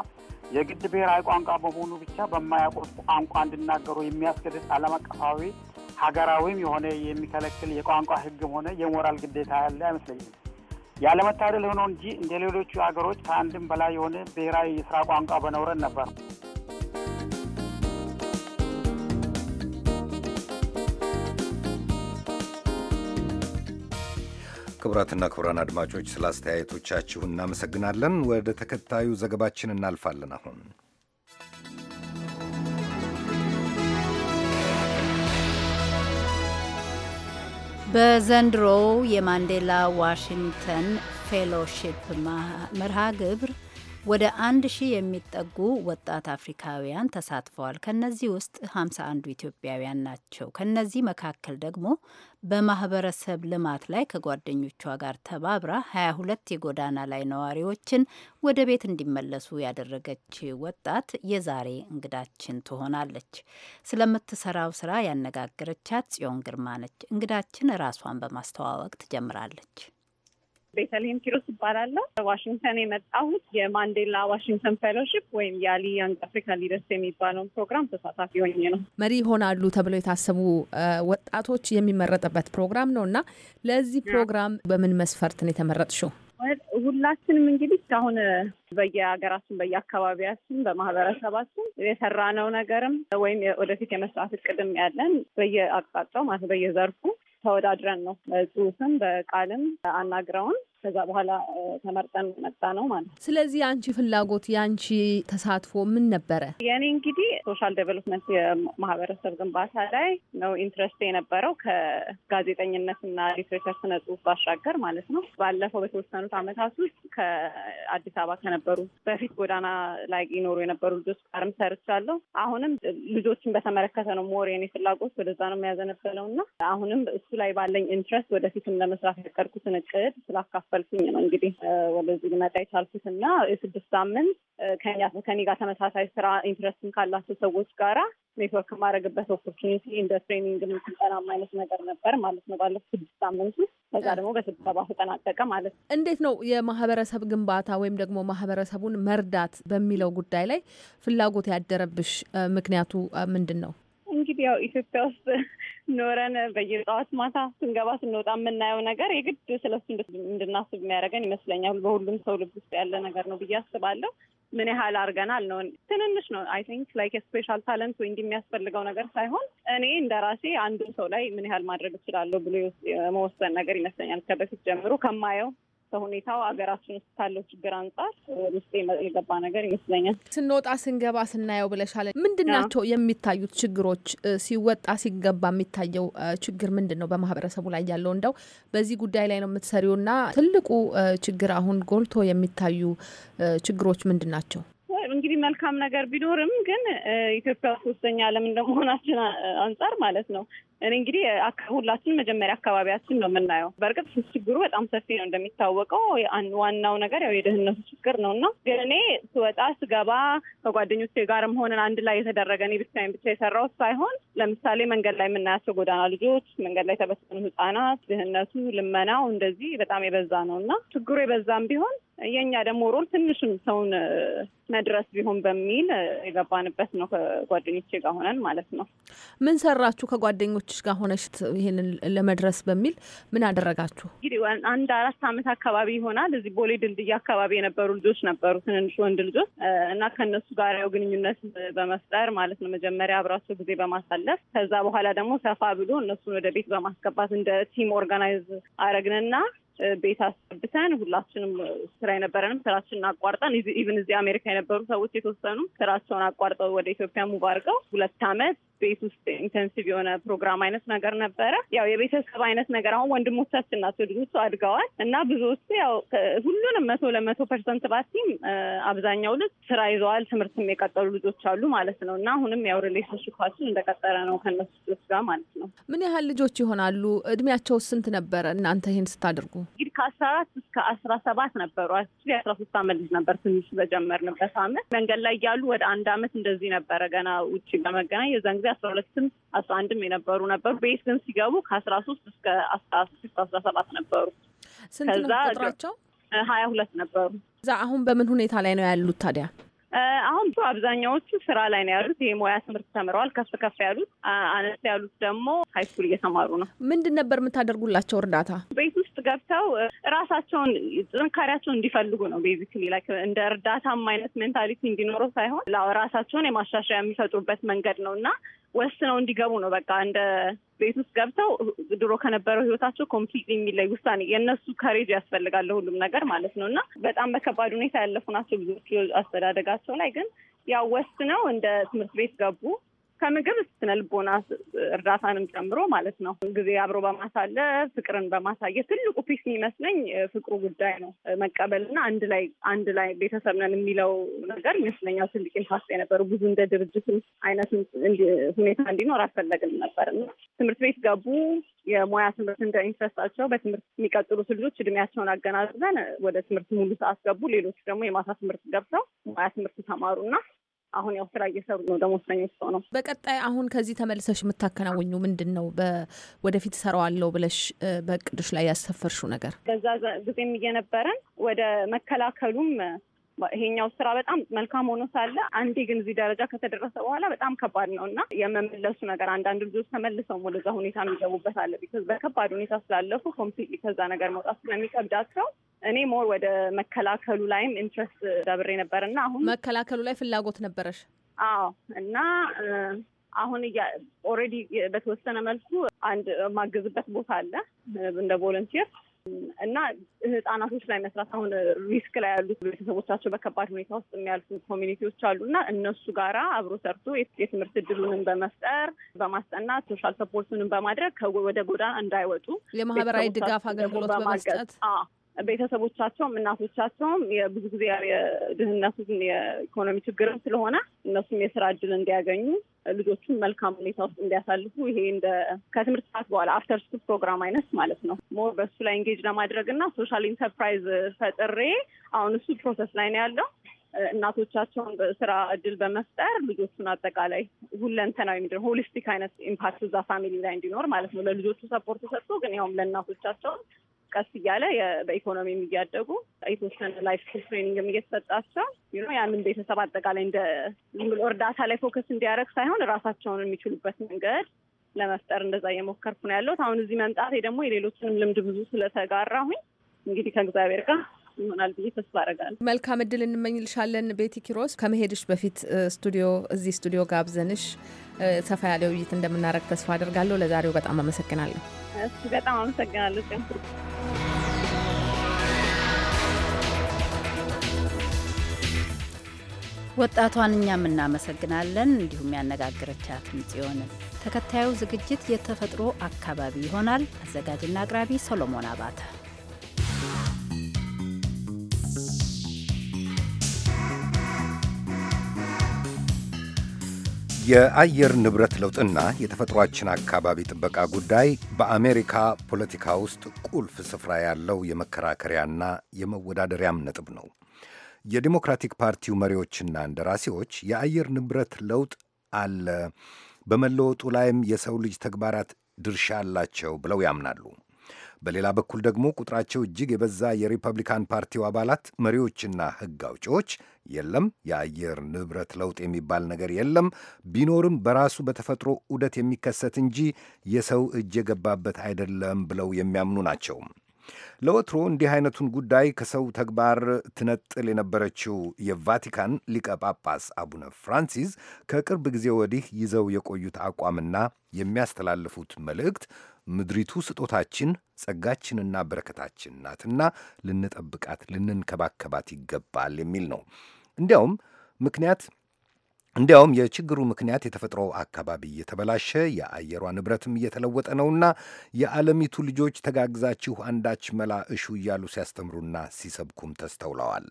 የግድ ብሔራዊ ቋንቋ በመሆኑ ብቻ በማያውቁት ቋንቋ እንዲናገሩ የሚያስገድድ ዓለም አቀፋዊ ሀገራዊም የሆነ የሚከለክል የቋንቋ ሕግም ሆነ የሞራል ግዴታ ያለ አይመስለኝም። ያለመታደል ሆኖ እንጂ እንደ ሌሎቹ ሀገሮች ከአንድም በላይ የሆነ ብሔራዊ የስራ ቋንቋ በኖረን ነበር። ክቡራትና ክቡራን አድማጮች ስለ አስተያየቶቻችሁ እናመሰግናለን። ወደ ተከታዩ ዘገባችን እናልፋለን አሁን በዘንድሮው የማንዴላ ዋሽንግተን ፌሎሺፕ መርሃ ግብር ወደ አንድ ሺህ የሚጠጉ ወጣት አፍሪካውያን ተሳትፈዋል። ከነዚህ ውስጥ 51 ኢትዮጵያውያን ናቸው። ከነዚህ መካከል ደግሞ በማህበረሰብ ልማት ላይ ከጓደኞቿ ጋር ተባብራ 22 የጎዳና ላይ ነዋሪዎችን ወደ ቤት እንዲመለሱ ያደረገች ወጣት የዛሬ እንግዳችን ትሆናለች። ስለምትሰራው ስራ ያነጋገረቻት ጽዮን ግርማ ነች። እንግዳችን ራሷን በማስተዋወቅ ትጀምራለች። ቤተልሔም ኪሮስ ይባላለሁ። ዋሽንግተን የመጣሁት የማንዴላ ዋሽንግተን ፌሎሺፕ ወይም ያሊ ያንግ አፍሪካ ሊደርስ የሚባለውን ፕሮግራም ተሳታፊ ሆኜ ነው። መሪ ይሆናሉ ተብለው የታሰቡ ወጣቶች የሚመረጥበት ፕሮግራም ነው እና ለዚህ ፕሮግራም በምን መስፈርት ነው የተመረጥሽው? ሁላችንም እንግዲህ እስካሁን በየሀገራችን በየአካባቢያችን በማህበረሰባችን የሰራነው ነገርም ወይም ወደፊት የመስራት እቅድም ያለን በየአቅጣጫው ማለት በየዘርፉ ተወዳድረን ነው በጽሁፍም በቃልም አናግረውን ከዛ በኋላ ተመርጠን መጣ ነው ማለት ነው። ስለዚህ የአንቺ ፍላጎት የአንቺ ተሳትፎ ምን ነበረ? የኔ እንግዲህ ሶሻል ዴቨሎፕመንት የማህበረሰብ ግንባታ ላይ ነው ኢንትረስት የነበረው ከጋዜጠኝነትና ሊትሬቸር ስነ ጽሁፍ ባሻገር ማለት ነው። ባለፈው በተወሰኑት አመታት ውስጥ ከአዲስ አበባ ከነበሩ በፊት ጎዳና ላይ ይኖሩ የነበሩ ልጆች ጋርም ሰርቻለሁ። አሁንም ልጆችን በተመለከተ ነው ሞር የኔ ፍላጎት ወደዛ ነው የሚያዘነበለው እና አሁንም እሱ ላይ ባለኝ ኢንትረስት ወደፊትም ለመስራት ያቀድኩትን እቅድ ስላካፍ ስላልተቀበልኩኝ ነው እንግዲህ ወደዚህ ልመጣ የቻልኩት እና የስድስት ሳምንት ከኛ ከኔ ጋር ተመሳሳይ ስራ ኢንትረስትን ካላቸው ሰዎች ጋራ ኔትወርክ የማደርግበት ኦፖርቹኒቲ እንደ ትሬኒንግ ስልጠናም አይነት ነገር ነበር ማለት ነው። ባለፉት ስድስት ሳምንት ከዛ ደግሞ በስብሰባ ተጠናቀቀ ማለት ነው። እንዴት ነው የማህበረሰብ ግንባታ ወይም ደግሞ ማህበረሰቡን መርዳት በሚለው ጉዳይ ላይ ፍላጎት ያደረብሽ ምክንያቱ ምንድን ነው? እንግዲህ ያው ኢትዮጵያ ውስጥ ኖረን በየጠዋት ማታ ስንገባ ስንወጣ የምናየው ነገር የግድ ስለሱ እንድናስብ የሚያደርገን ይመስለኛል። በሁሉም ሰው ልብ ውስጥ ያለ ነገር ነው ብዬ አስባለሁ። ምን ያህል አድርገናል ነው ትንንሽ ነው። አይ ቲንክ ላይክ ስፔሻል ታለንት ወይ እንዲህ የሚያስፈልገው ነገር ሳይሆን እኔ እንደ ራሴ አንዱ ሰው ላይ ምን ያህል ማድረግ እችላለሁ ብሎ መወሰን ነገር ይመስለኛል። ከበፊት ጀምሮ ከማየው ከሁኔታው ሀገራችን ውስጥ ካለው ችግር አንጻር ውስጥ የገባ ነገር ይመስለኛል። ስንወጣ ስንገባ ስናየው ብለሻለ። ምንድን ናቸው የሚታዩት ችግሮች? ሲወጣ ሲገባ የሚታየው ችግር ምንድን ነው? በማህበረሰቡ ላይ ያለው እንደው በዚህ ጉዳይ ላይ ነው የምትሰሪው እና ትልቁ ችግር አሁን ጎልቶ የሚታዩ ችግሮች ምንድን ናቸው? እንግዲህ መልካም ነገር ቢኖርም ግን ኢትዮጵያ ሶስተኛ ዓለም እንደመሆናችን አንጻር ማለት ነው እኔ እንግዲህ ሁላችን መጀመሪያ አካባቢያችን ነው የምናየው። በእርግጥ ችግሩ በጣም ሰፊ ነው እንደሚታወቀው፣ ዋናው ነገር ያው የደህንነቱ ችግር ነው እና ግን እኔ ስወጣ ስገባ ከጓደኞቼ ጋርም ሆነን አንድ ላይ የተደረገ እኔ ብቻዬን ብቻ የሰራው ሳይሆን ለምሳሌ መንገድ ላይ የምናያቸው ጎዳና ልጆች፣ መንገድ ላይ የተበሰኑ ህጻናት፣ ድህነቱ፣ ልመናው እንደዚህ በጣም የበዛ ነው እና ችግሩ የበዛም ቢሆን የእኛ ደግሞ ሮል ትንሽም ሰውን መድረስ ቢሆን በሚል የገባንበት ነው ከጓደኞቼ ጋር ሆነን ማለት ነው። ምን ሰራችሁ ከጓደኞች ከጓደኞችሽ ጋር ሆነሽ ለመድረስ በሚል ምን አደረጋችሁ? እንግዲህ አንድ አራት ዓመት አካባቢ ይሆናል። እዚህ ቦሌ ድልድይ አካባቢ የነበሩ ልጆች ነበሩ፣ ትንንሽ ወንድ ልጆች እና ከእነሱ ጋር ያው ግንኙነት በመፍጠር ማለት ነው። መጀመሪያ አብራቸው ጊዜ በማሳለፍ ከዛ በኋላ ደግሞ ሰፋ ብሎ እነሱን ወደ ቤት በማስገባት እንደ ቲም ኦርጋናይዝ አረግንና ቤት አስገብተን ሁላችንም ስራ የነበረንም ስራችንን አቋርጠን ኢቨን እዚህ አሜሪካ የነበሩ ሰዎች የተወሰኑ ስራቸውን አቋርጠው ወደ ኢትዮጵያ ሙቭ ሁለት ዓመት ቤት ውስጥ ኢንተንሲቭ የሆነ ፕሮግራም አይነት ነገር ነበረ። ያው የቤተሰብ አይነት ነገር አሁን ወንድሞቻችንና ልጆቹ አድገዋል እና ብዙዎቹ ያው ሁሉንም መቶ ለመቶ ፐርሰንት ባቲም አብዛኛው ልጅ ስራ ይዘዋል። ትምህርትም የቀጠሉ ልጆች አሉ ማለት ነው እና አሁንም ያው ሪሌሽንሽፓችን እንደቀጠረ ነው ከነሱ ልጆች ጋር ማለት ነው። ምን ያህል ልጆች ይሆናሉ? እድሜያቸው ስንት ነበረ እናንተ ይህን ስታደርጉ? እንግዲህ ከአስራ አራት እስከ አስራ ሰባት ነበሩ። የአስራ ሶስት አመት ልጅ ነበር ትንሽ በጀመርንበት አመት መንገድ ላይ እያሉ ወደ አንድ አመት እንደዚህ ነበረ ገና ውጭ በመገናኝ የዛን ጊዜ አስራ ሁለትም አስራ አንድም የነበሩ ነበሩ። ቤት ግን ሲገቡ ከአስራ ሶስት እስከ አስራ ስድስት አስራ ሰባት ነበሩ። ስንት ነው ቁጥራቸው? ሀያ ሁለት ነበሩ። እዛ አሁን በምን ሁኔታ ላይ ነው ያሉት ታዲያ? አሁን አብዛኛዎቹ ስራ ላይ ነው ያሉት። ይህ ሙያ ትምህርት ተምረዋል። ከፍ ከፍ ያሉት አነስ ያሉት ደግሞ ሀይስኩል እየተማሩ ነው። ምንድን ነበር የምታደርጉላቸው እርዳታ? ቤት ውስጥ ገብተው ራሳቸውን ጥንካሬያቸውን እንዲፈልጉ ነው። ቤዚክሊ ላይክ እንደ እርዳታም አይነት ሜንታሊቲ እንዲኖረው ሳይሆን ራሳቸውን የማሻሻያ የሚፈጥሩበት መንገድ ነው እና ወስነው እንዲገቡ ነው። በቃ እንደ ቤት ውስጥ ገብተው ድሮ ከነበረው ህይወታቸው ኮምፕሊት የሚለይ ውሳኔ የእነሱ ከሬጅ ያስፈልጋል ሁሉም ነገር ማለት ነው እና በጣም በከባድ ሁኔታ ያለፉ ናቸው ብዙዎቹ አስተዳደጋ በመኖራቸው ላይ ግን ያው ወስነው እንደ ትምህርት ቤት ገቡ። ከምግብ ስነ ልቦና እርዳታንም ጨምሮ ማለት ነው። ጊዜ አብሮ በማሳለፍ ፍቅርን በማሳየት ትልቁ ፒስ የሚመስለኝ ፍቅሩ ጉዳይ ነው። መቀበልና አንድ ላይ አንድ ላይ ቤተሰብ ነን የሚለው ነገር ይመስለኛል ትልቅ ኢምፓክት የነበሩ ብዙ እንደ ድርጅት አይነት ሁኔታ እንዲኖር አልፈለግም ነበር እና ትምህርት ቤት ገቡ። የሙያ ትምህርት እንደ ኢንትረስታቸው በትምህርት የሚቀጥሉት ልጆች እድሜያቸውን አገናዝበን ወደ ትምህርት ሙሉ ሰዓት ገቡ። ሌሎች ደግሞ የማታ ትምህርት ገብተው ሙያ ትምህርት ተማሩ ተማሩና አሁን ያው ስራ እየሰሩ ነው። ደግሞ ደሞዝተኞች ሰው ነው። በቀጣይ አሁን ከዚህ ተመልሰሽ የምታከናወኙ ምንድን ነው? ወደፊት እሰራዋለሁ ብለሽ በእቅድሽ ላይ ያሰፈርሽው ነገር በዛ ጊዜም እየነበረን ወደ መከላከሉም ይሄኛው ስራ በጣም መልካም ሆኖ ሳለ አንዴ ግን እዚህ ደረጃ ከተደረሰ በኋላ በጣም ከባድ ነው እና የመመለሱ ነገር አንዳንድ ልጆች ተመልሰው ወደዛ ሁኔታ የሚገቡበት አለ። ቢኮዝ በከባድ ሁኔታ ስላለፉ ኮምፕሊትሊ ከዛ ነገር መውጣት ስለሚከብዳቸው እኔ ሞር ወደ መከላከሉ ላይም ኢንትረስት ደብሬ ነበር እና አሁን መከላከሉ ላይ ፍላጎት ነበረሽ? አዎ እና አሁን ኦልሬዲ በተወሰነ መልኩ አንድ ማገዝበት ቦታ አለ እንደ ቮለንቲር እና ህጻናቶች ላይ መስራት አሁን ሪስክ ላይ ያሉት ቤተሰቦቻቸው በከባድ ሁኔታ ውስጥ የሚያልፉ ኮሚኒቲዎች አሉ እና እነሱ ጋራ አብሮ ሰርቶ የትምህርት እድሉንም በመፍጠር በማስጠናት ሶሻል ሰፖርቱንም በማድረግ ወደ ጎዳና እንዳይወጡ የማህበራዊ ድጋፍ አገልግሎት በመስጠት ቤተሰቦቻቸውም እናቶቻቸውም ብዙ ጊዜ የድህነቱን የኢኮኖሚ ችግርም ስለሆነ እነሱም የስራ እድል እንዲያገኙ ልጆቹን መልካም ሁኔታ ውስጥ እንዲያሳልፉ ይሄ እንደ ከትምህርት ሰዓት በኋላ አፍተር ስኩል ፕሮግራም አይነት ማለት ነው። ሞር በሱ ላይ ኢንጌጅ ለማድረግ እና ሶሻል ኢንተርፕራይዝ ፈጥሬ አሁን እሱ ፕሮሰስ ላይ ነው ያለው። እናቶቻቸውን በስራ እድል በመፍጠር ልጆቹን አጠቃላይ ሁለንተናዊ ምንድነው ሆሊስቲክ አይነት ኢምፓክት እዛ ፋሚሊ ላይ እንዲኖር ማለት ነው። ለልጆቹ ሰፖርት ሰጥቶ ግን ያውም ለእናቶቻቸውን ቀስ እያለ በኢኮኖሚም እያደጉ የተወሰነ ላይፍ ስኪል ትሬኒንግም እየተሰጣቸው ያንን ቤተሰብ አጠቃላይ እንደ ዝም ብሎ እርዳታ ላይ ፎከስ እንዲያደረግ ሳይሆን ራሳቸውን የሚችሉበት መንገድ ለመፍጠር እንደዛ እየሞከርኩ ነው ያለሁት። አሁን እዚህ መምጣቴ ደግሞ የሌሎችንም ልምድ ብዙ ስለተጋራሁኝ እንግዲህ ከእግዚአብሔር ጋር ይሆናል ብዬ ተስፋ መልካም እድል እንመኝልሻለን ቤቲ ኪሮስ። ከመሄድሽ በፊት ስቱዲዮ እዚህ ስቱዲዮ ጋብዘንሽ ሰፋ ያለ ውይይት እንደምናደርግ ተስፋ አደርጋለሁ። ለዛሬው በጣም አመሰግናለሁ። በጣም አመሰግናለሁ። ወጣቷን እኛም እናመሰግናለን፣ እንዲሁም ያነጋገረቻትን ጽዮን። ተከታዩ ዝግጅት የተፈጥሮ አካባቢ ይሆናል። አዘጋጅና አቅራቢ ሰሎሞን አባተ። የአየር ንብረት ለውጥና የተፈጥሯችን አካባቢ ጥበቃ ጉዳይ በአሜሪካ ፖለቲካ ውስጥ ቁልፍ ስፍራ ያለው የመከራከሪያና የመወዳደሪያም ነጥብ ነው። የዲሞክራቲክ ፓርቲው መሪዎችና እንደራሴዎች የአየር ንብረት ለውጥ አለ፣ በመለወጡ ላይም የሰው ልጅ ተግባራት ድርሻ አላቸው ብለው ያምናሉ። በሌላ በኩል ደግሞ ቁጥራቸው እጅግ የበዛ የሪፐብሊካን ፓርቲው አባላት መሪዎችና ሕግ አውጪዎች የለም፣ የአየር ንብረት ለውጥ የሚባል ነገር የለም፣ ቢኖርም በራሱ በተፈጥሮ ዑደት የሚከሰት እንጂ የሰው እጅ የገባበት አይደለም ብለው የሚያምኑ ናቸው። ለወትሮ እንዲህ አይነቱን ጉዳይ ከሰው ተግባር ትነጥል የነበረችው የቫቲካን ሊቀ ጳጳስ አቡነ ፍራንሲስ ከቅርብ ጊዜ ወዲህ ይዘው የቆዩት አቋምና የሚያስተላልፉት መልእክት ምድሪቱ ስጦታችን ጸጋችንና በረከታችን ናትና ልንጠብቃት፣ ልንንከባከባት ይገባል የሚል ነው። እንዲያውም ምክንያት እንዲያውም የችግሩ ምክንያት የተፈጥሮ አካባቢ እየተበላሸ የአየሯ ንብረትም እየተለወጠ ነውና የዓለሚቱ ልጆች ተጋግዛችሁ አንዳች መላ እሹ እያሉ ሲያስተምሩና ሲሰብኩም ተስተውለዋል።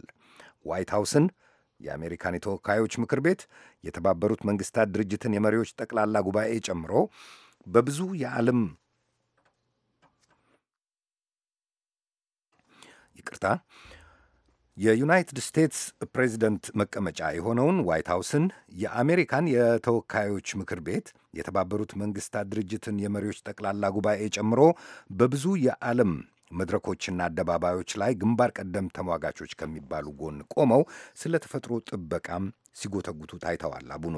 ዋይት ሀውስን የአሜሪካን የተወካዮች ምክር ቤት፣ የተባበሩት መንግስታት ድርጅትን የመሪዎች ጠቅላላ ጉባኤ ጨምሮ በብዙ የዓለም ይቅርታ የዩናይትድ ስቴትስ ፕሬዚደንት መቀመጫ የሆነውን ዋይት ሃውስን፣ የአሜሪካን የተወካዮች ምክር ቤት፣ የተባበሩት መንግስታት ድርጅትን የመሪዎች ጠቅላላ ጉባኤ ጨምሮ በብዙ የዓለም መድረኮችና አደባባዮች ላይ ግንባር ቀደም ተሟጋቾች ከሚባሉ ጎን ቆመው ስለ ተፈጥሮ ጥበቃም ሲጎተጉቱ ታይተዋል። አቡኑ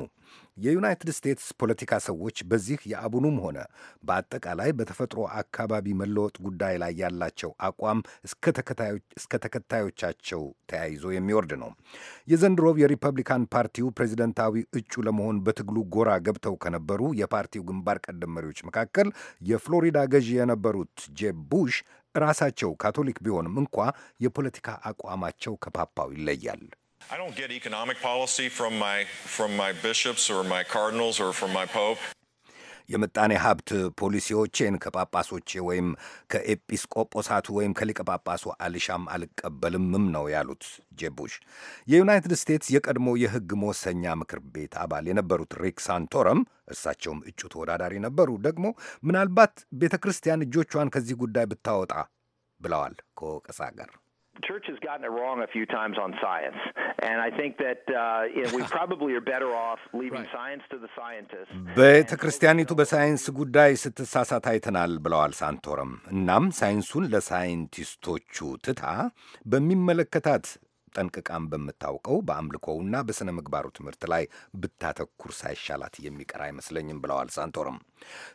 የዩናይትድ ስቴትስ ፖለቲካ ሰዎች በዚህ የአቡኑም ሆነ በአጠቃላይ በተፈጥሮ አካባቢ መለወጥ ጉዳይ ላይ ያላቸው አቋም እስከ ተከታዮቻቸው ተያይዞ የሚወርድ ነው። የዘንድሮው የሪፐብሊካን ፓርቲው ፕሬዚደንታዊ እጩ ለመሆን በትግሉ ጎራ ገብተው ከነበሩ የፓርቲው ግንባር ቀደም መሪዎች መካከል የፍሎሪዳ ገዢ የነበሩት ጄብ ቡሽ ራሳቸው ካቶሊክ ቢሆንም እንኳ የፖለቲካ አቋማቸው ከፓፓው ይለያል። I don't get economic policy from my from my bishops or my cardinals or from my pope. የምጣኔ ሀብት ፖሊሲዎቼን ከጳጳሶቼ ወይም ከኤጲስቆጶሳቱ ወይም ከሊቀ ጳጳሱ አልሻም አልቀበልምም ነው ያሉት ጄብ ቡሽ። የዩናይትድ ስቴትስ የቀድሞ የሕግ መወሰኛ ምክር ቤት አባል የነበሩት ሪክ ሳንቶረም እርሳቸውም እጩ ተወዳዳሪ ነበሩ፣ ደግሞ ምናልባት ቤተ ክርስቲያን እጆቿን ከዚህ ጉዳይ ብታወጣ ብለዋል ከወቀሳ ጋር church has gotten it wrong a few times on science, and I think that uh, you know, we probably are better off leaving science to the scientists. ቤተ ክርስቲያኒቱ በሳይንስ ጉዳይ ስትሳሳት አይተናል ብለዋል ሳንቶረም። እናም ሳይንሱን ለሳይንቲስቶቹ ትታ በሚመለከታት ጠንቅቃም በምታውቀው በአምልኮውና በሥነ ምግባሩ ትምህርት ላይ ብታተኩር ሳይሻላት የሚቀር አይመስለኝም ብለዋል ሳንቶርም።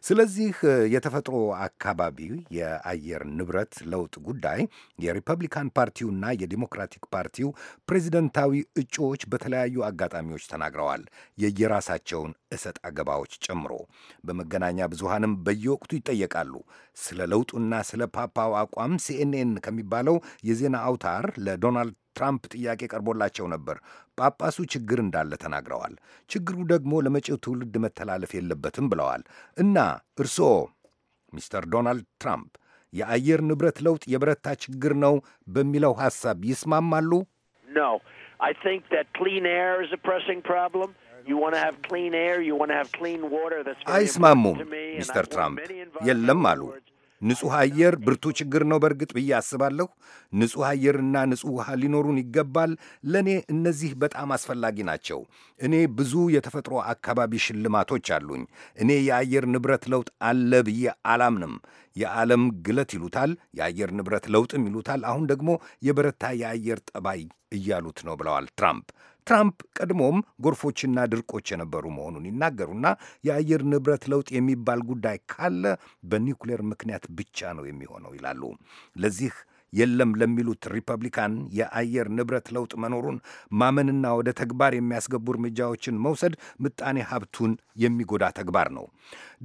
ስለዚህ የተፈጥሮ አካባቢ የአየር ንብረት ለውጥ ጉዳይ የሪፐብሊካን ፓርቲውና የዲሞክራቲክ ፓርቲው ፕሬዚደንታዊ እጩዎች በተለያዩ አጋጣሚዎች ተናግረዋል። የየራሳቸውን እሰጥ አገባዎች ጨምሮ በመገናኛ ብዙሃንም በየወቅቱ ይጠየቃሉ። ስለ ለውጡና ስለ ፓፓው አቋም ሲኤንኤን ከሚባለው የዜና አውታር ለዶናልድ ትራምፕ ጥያቄ ቀርቦላቸው ነበር። ጳጳሱ ችግር እንዳለ ተናግረዋል። ችግሩ ደግሞ ለመጪው ትውልድ መተላለፍ የለበትም ብለዋል። እና እርስዎ ሚስተር ዶናልድ ትራምፕ የአየር ንብረት ለውጥ የበረታ ችግር ነው በሚለው ሐሳብ ይስማማሉ? አይስማሙም። ሚስተር ትራምፕ የለም አሉ ንጹሕ አየር ብርቱ ችግር ነው በእርግጥ ብዬ አስባለሁ። ንጹሕ አየርና ንጹሕ ውሃ ሊኖሩን ይገባል። ለእኔ እነዚህ በጣም አስፈላጊ ናቸው። እኔ ብዙ የተፈጥሮ አካባቢ ሽልማቶች አሉኝ። እኔ የአየር ንብረት ለውጥ አለ ብዬ አላምንም። የዓለም ግለት ይሉታል፣ የአየር ንብረት ለውጥም ይሉታል። አሁን ደግሞ የበረታ የአየር ጠባይ እያሉት ነው ብለዋል ትራምፕ። ትራምፕ ቀድሞም ጎርፎችና ድርቆች የነበሩ መሆኑን ይናገሩና የአየር ንብረት ለውጥ የሚባል ጉዳይ ካለ በኒውክሌር ምክንያት ብቻ ነው የሚሆነው ይላሉ። ለዚህ የለም ለሚሉት ሪፐብሊካን የአየር ንብረት ለውጥ መኖሩን ማመንና ወደ ተግባር የሚያስገቡ እርምጃዎችን መውሰድ ምጣኔ ሀብቱን የሚጎዳ ተግባር ነው።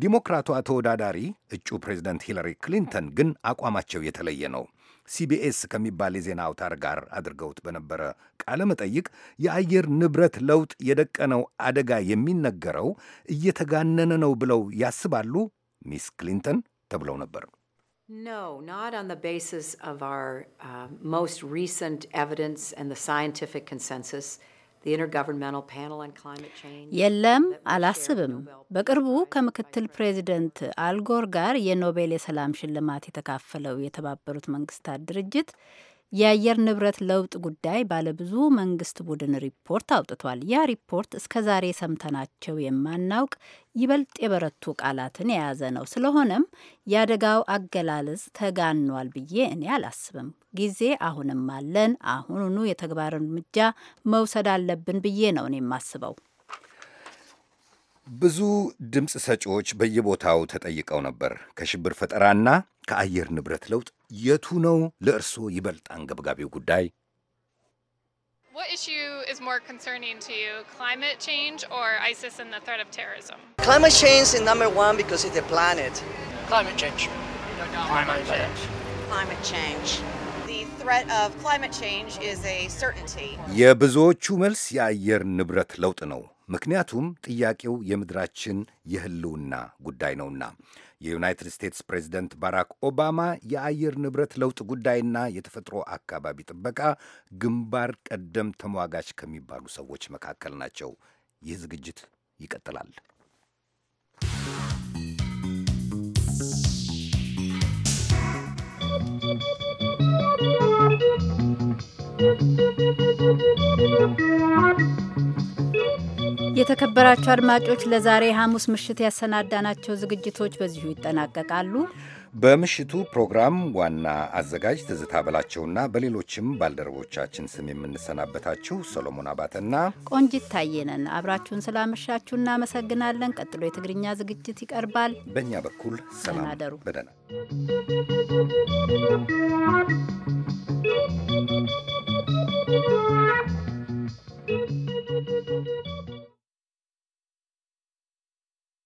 ዲሞክራቷ ተወዳዳሪ እጩ ፕሬዚደንት ሂላሪ ክሊንተን ግን አቋማቸው የተለየ ነው። ሲቢኤስ ከሚባል የዜና አውታር ጋር አድርገውት በነበረ ቃለ መጠይቅ የአየር ንብረት ለውጥ የደቀነው አደጋ የሚነገረው እየተጋነነ ነው ብለው ያስባሉ ሚስ ክሊንተን ተብለው ነበር። No, not on the basis of our uh, most recent evidence and the scientific consensus. የለም፣ አላስብም። በቅርቡ ከምክትል ፕሬዚደንት አልጎር ጋር የኖቤል የሰላም ሽልማት የተካፈለው የተባበሩት መንግስታት ድርጅት የአየር ንብረት ለውጥ ጉዳይ ባለብዙ መንግስት ቡድን ሪፖርት አውጥቷል። ያ ሪፖርት እስከዛሬ ሰምተናቸው የማናውቅ ይበልጥ የበረቱ ቃላትን የያዘ ነው። ስለሆነም የአደጋው አገላለጽ ተጋኗል ብዬ እኔ አላስብም። ጊዜ አሁንም አለን። አሁኑኑ የተግባር እርምጃ መውሰድ አለብን ብዬ ነው እኔ የማስበው። ብዙ ድምፅ ሰጪዎች በየቦታው ተጠይቀው ነበር ከሽብር ፈጠራና ከአየር ንብረት ለውጥ የቱ ነው ለእርስዎ ይበልጥ አንገብጋቢው ጉዳይ? የብዙዎቹ መልስ የአየር ንብረት ለውጥ ነው። ምክንያቱም ጥያቄው የምድራችን የህልውና ጉዳይ ነውና። የዩናይትድ ስቴትስ ፕሬዚደንት ባራክ ኦባማ የአየር ንብረት ለውጥ ጉዳይና የተፈጥሮ አካባቢ ጥበቃ ግንባር ቀደም ተሟጋች ከሚባሉ ሰዎች መካከል ናቸው። ይህ ዝግጅት ይቀጥላል። Thank you. የተከበራቸው አድማጮች ለዛሬ ሐሙስ ምሽት ያሰናዳናቸው ዝግጅቶች በዚሁ ይጠናቀቃሉ። በምሽቱ ፕሮግራም ዋና አዘጋጅ ትዝታ በላቸውና በሌሎችም ባልደረቦቻችን ስም የምንሰናበታችሁ ሰሎሞን አባተና ቆንጂት ታየነን አብራችሁን ስላመሻችሁ እናመሰግናለን። ቀጥሎ የትግርኛ ዝግጅት ይቀርባል። በእኛ በኩል ሰላም አደሩ። በደህና Thank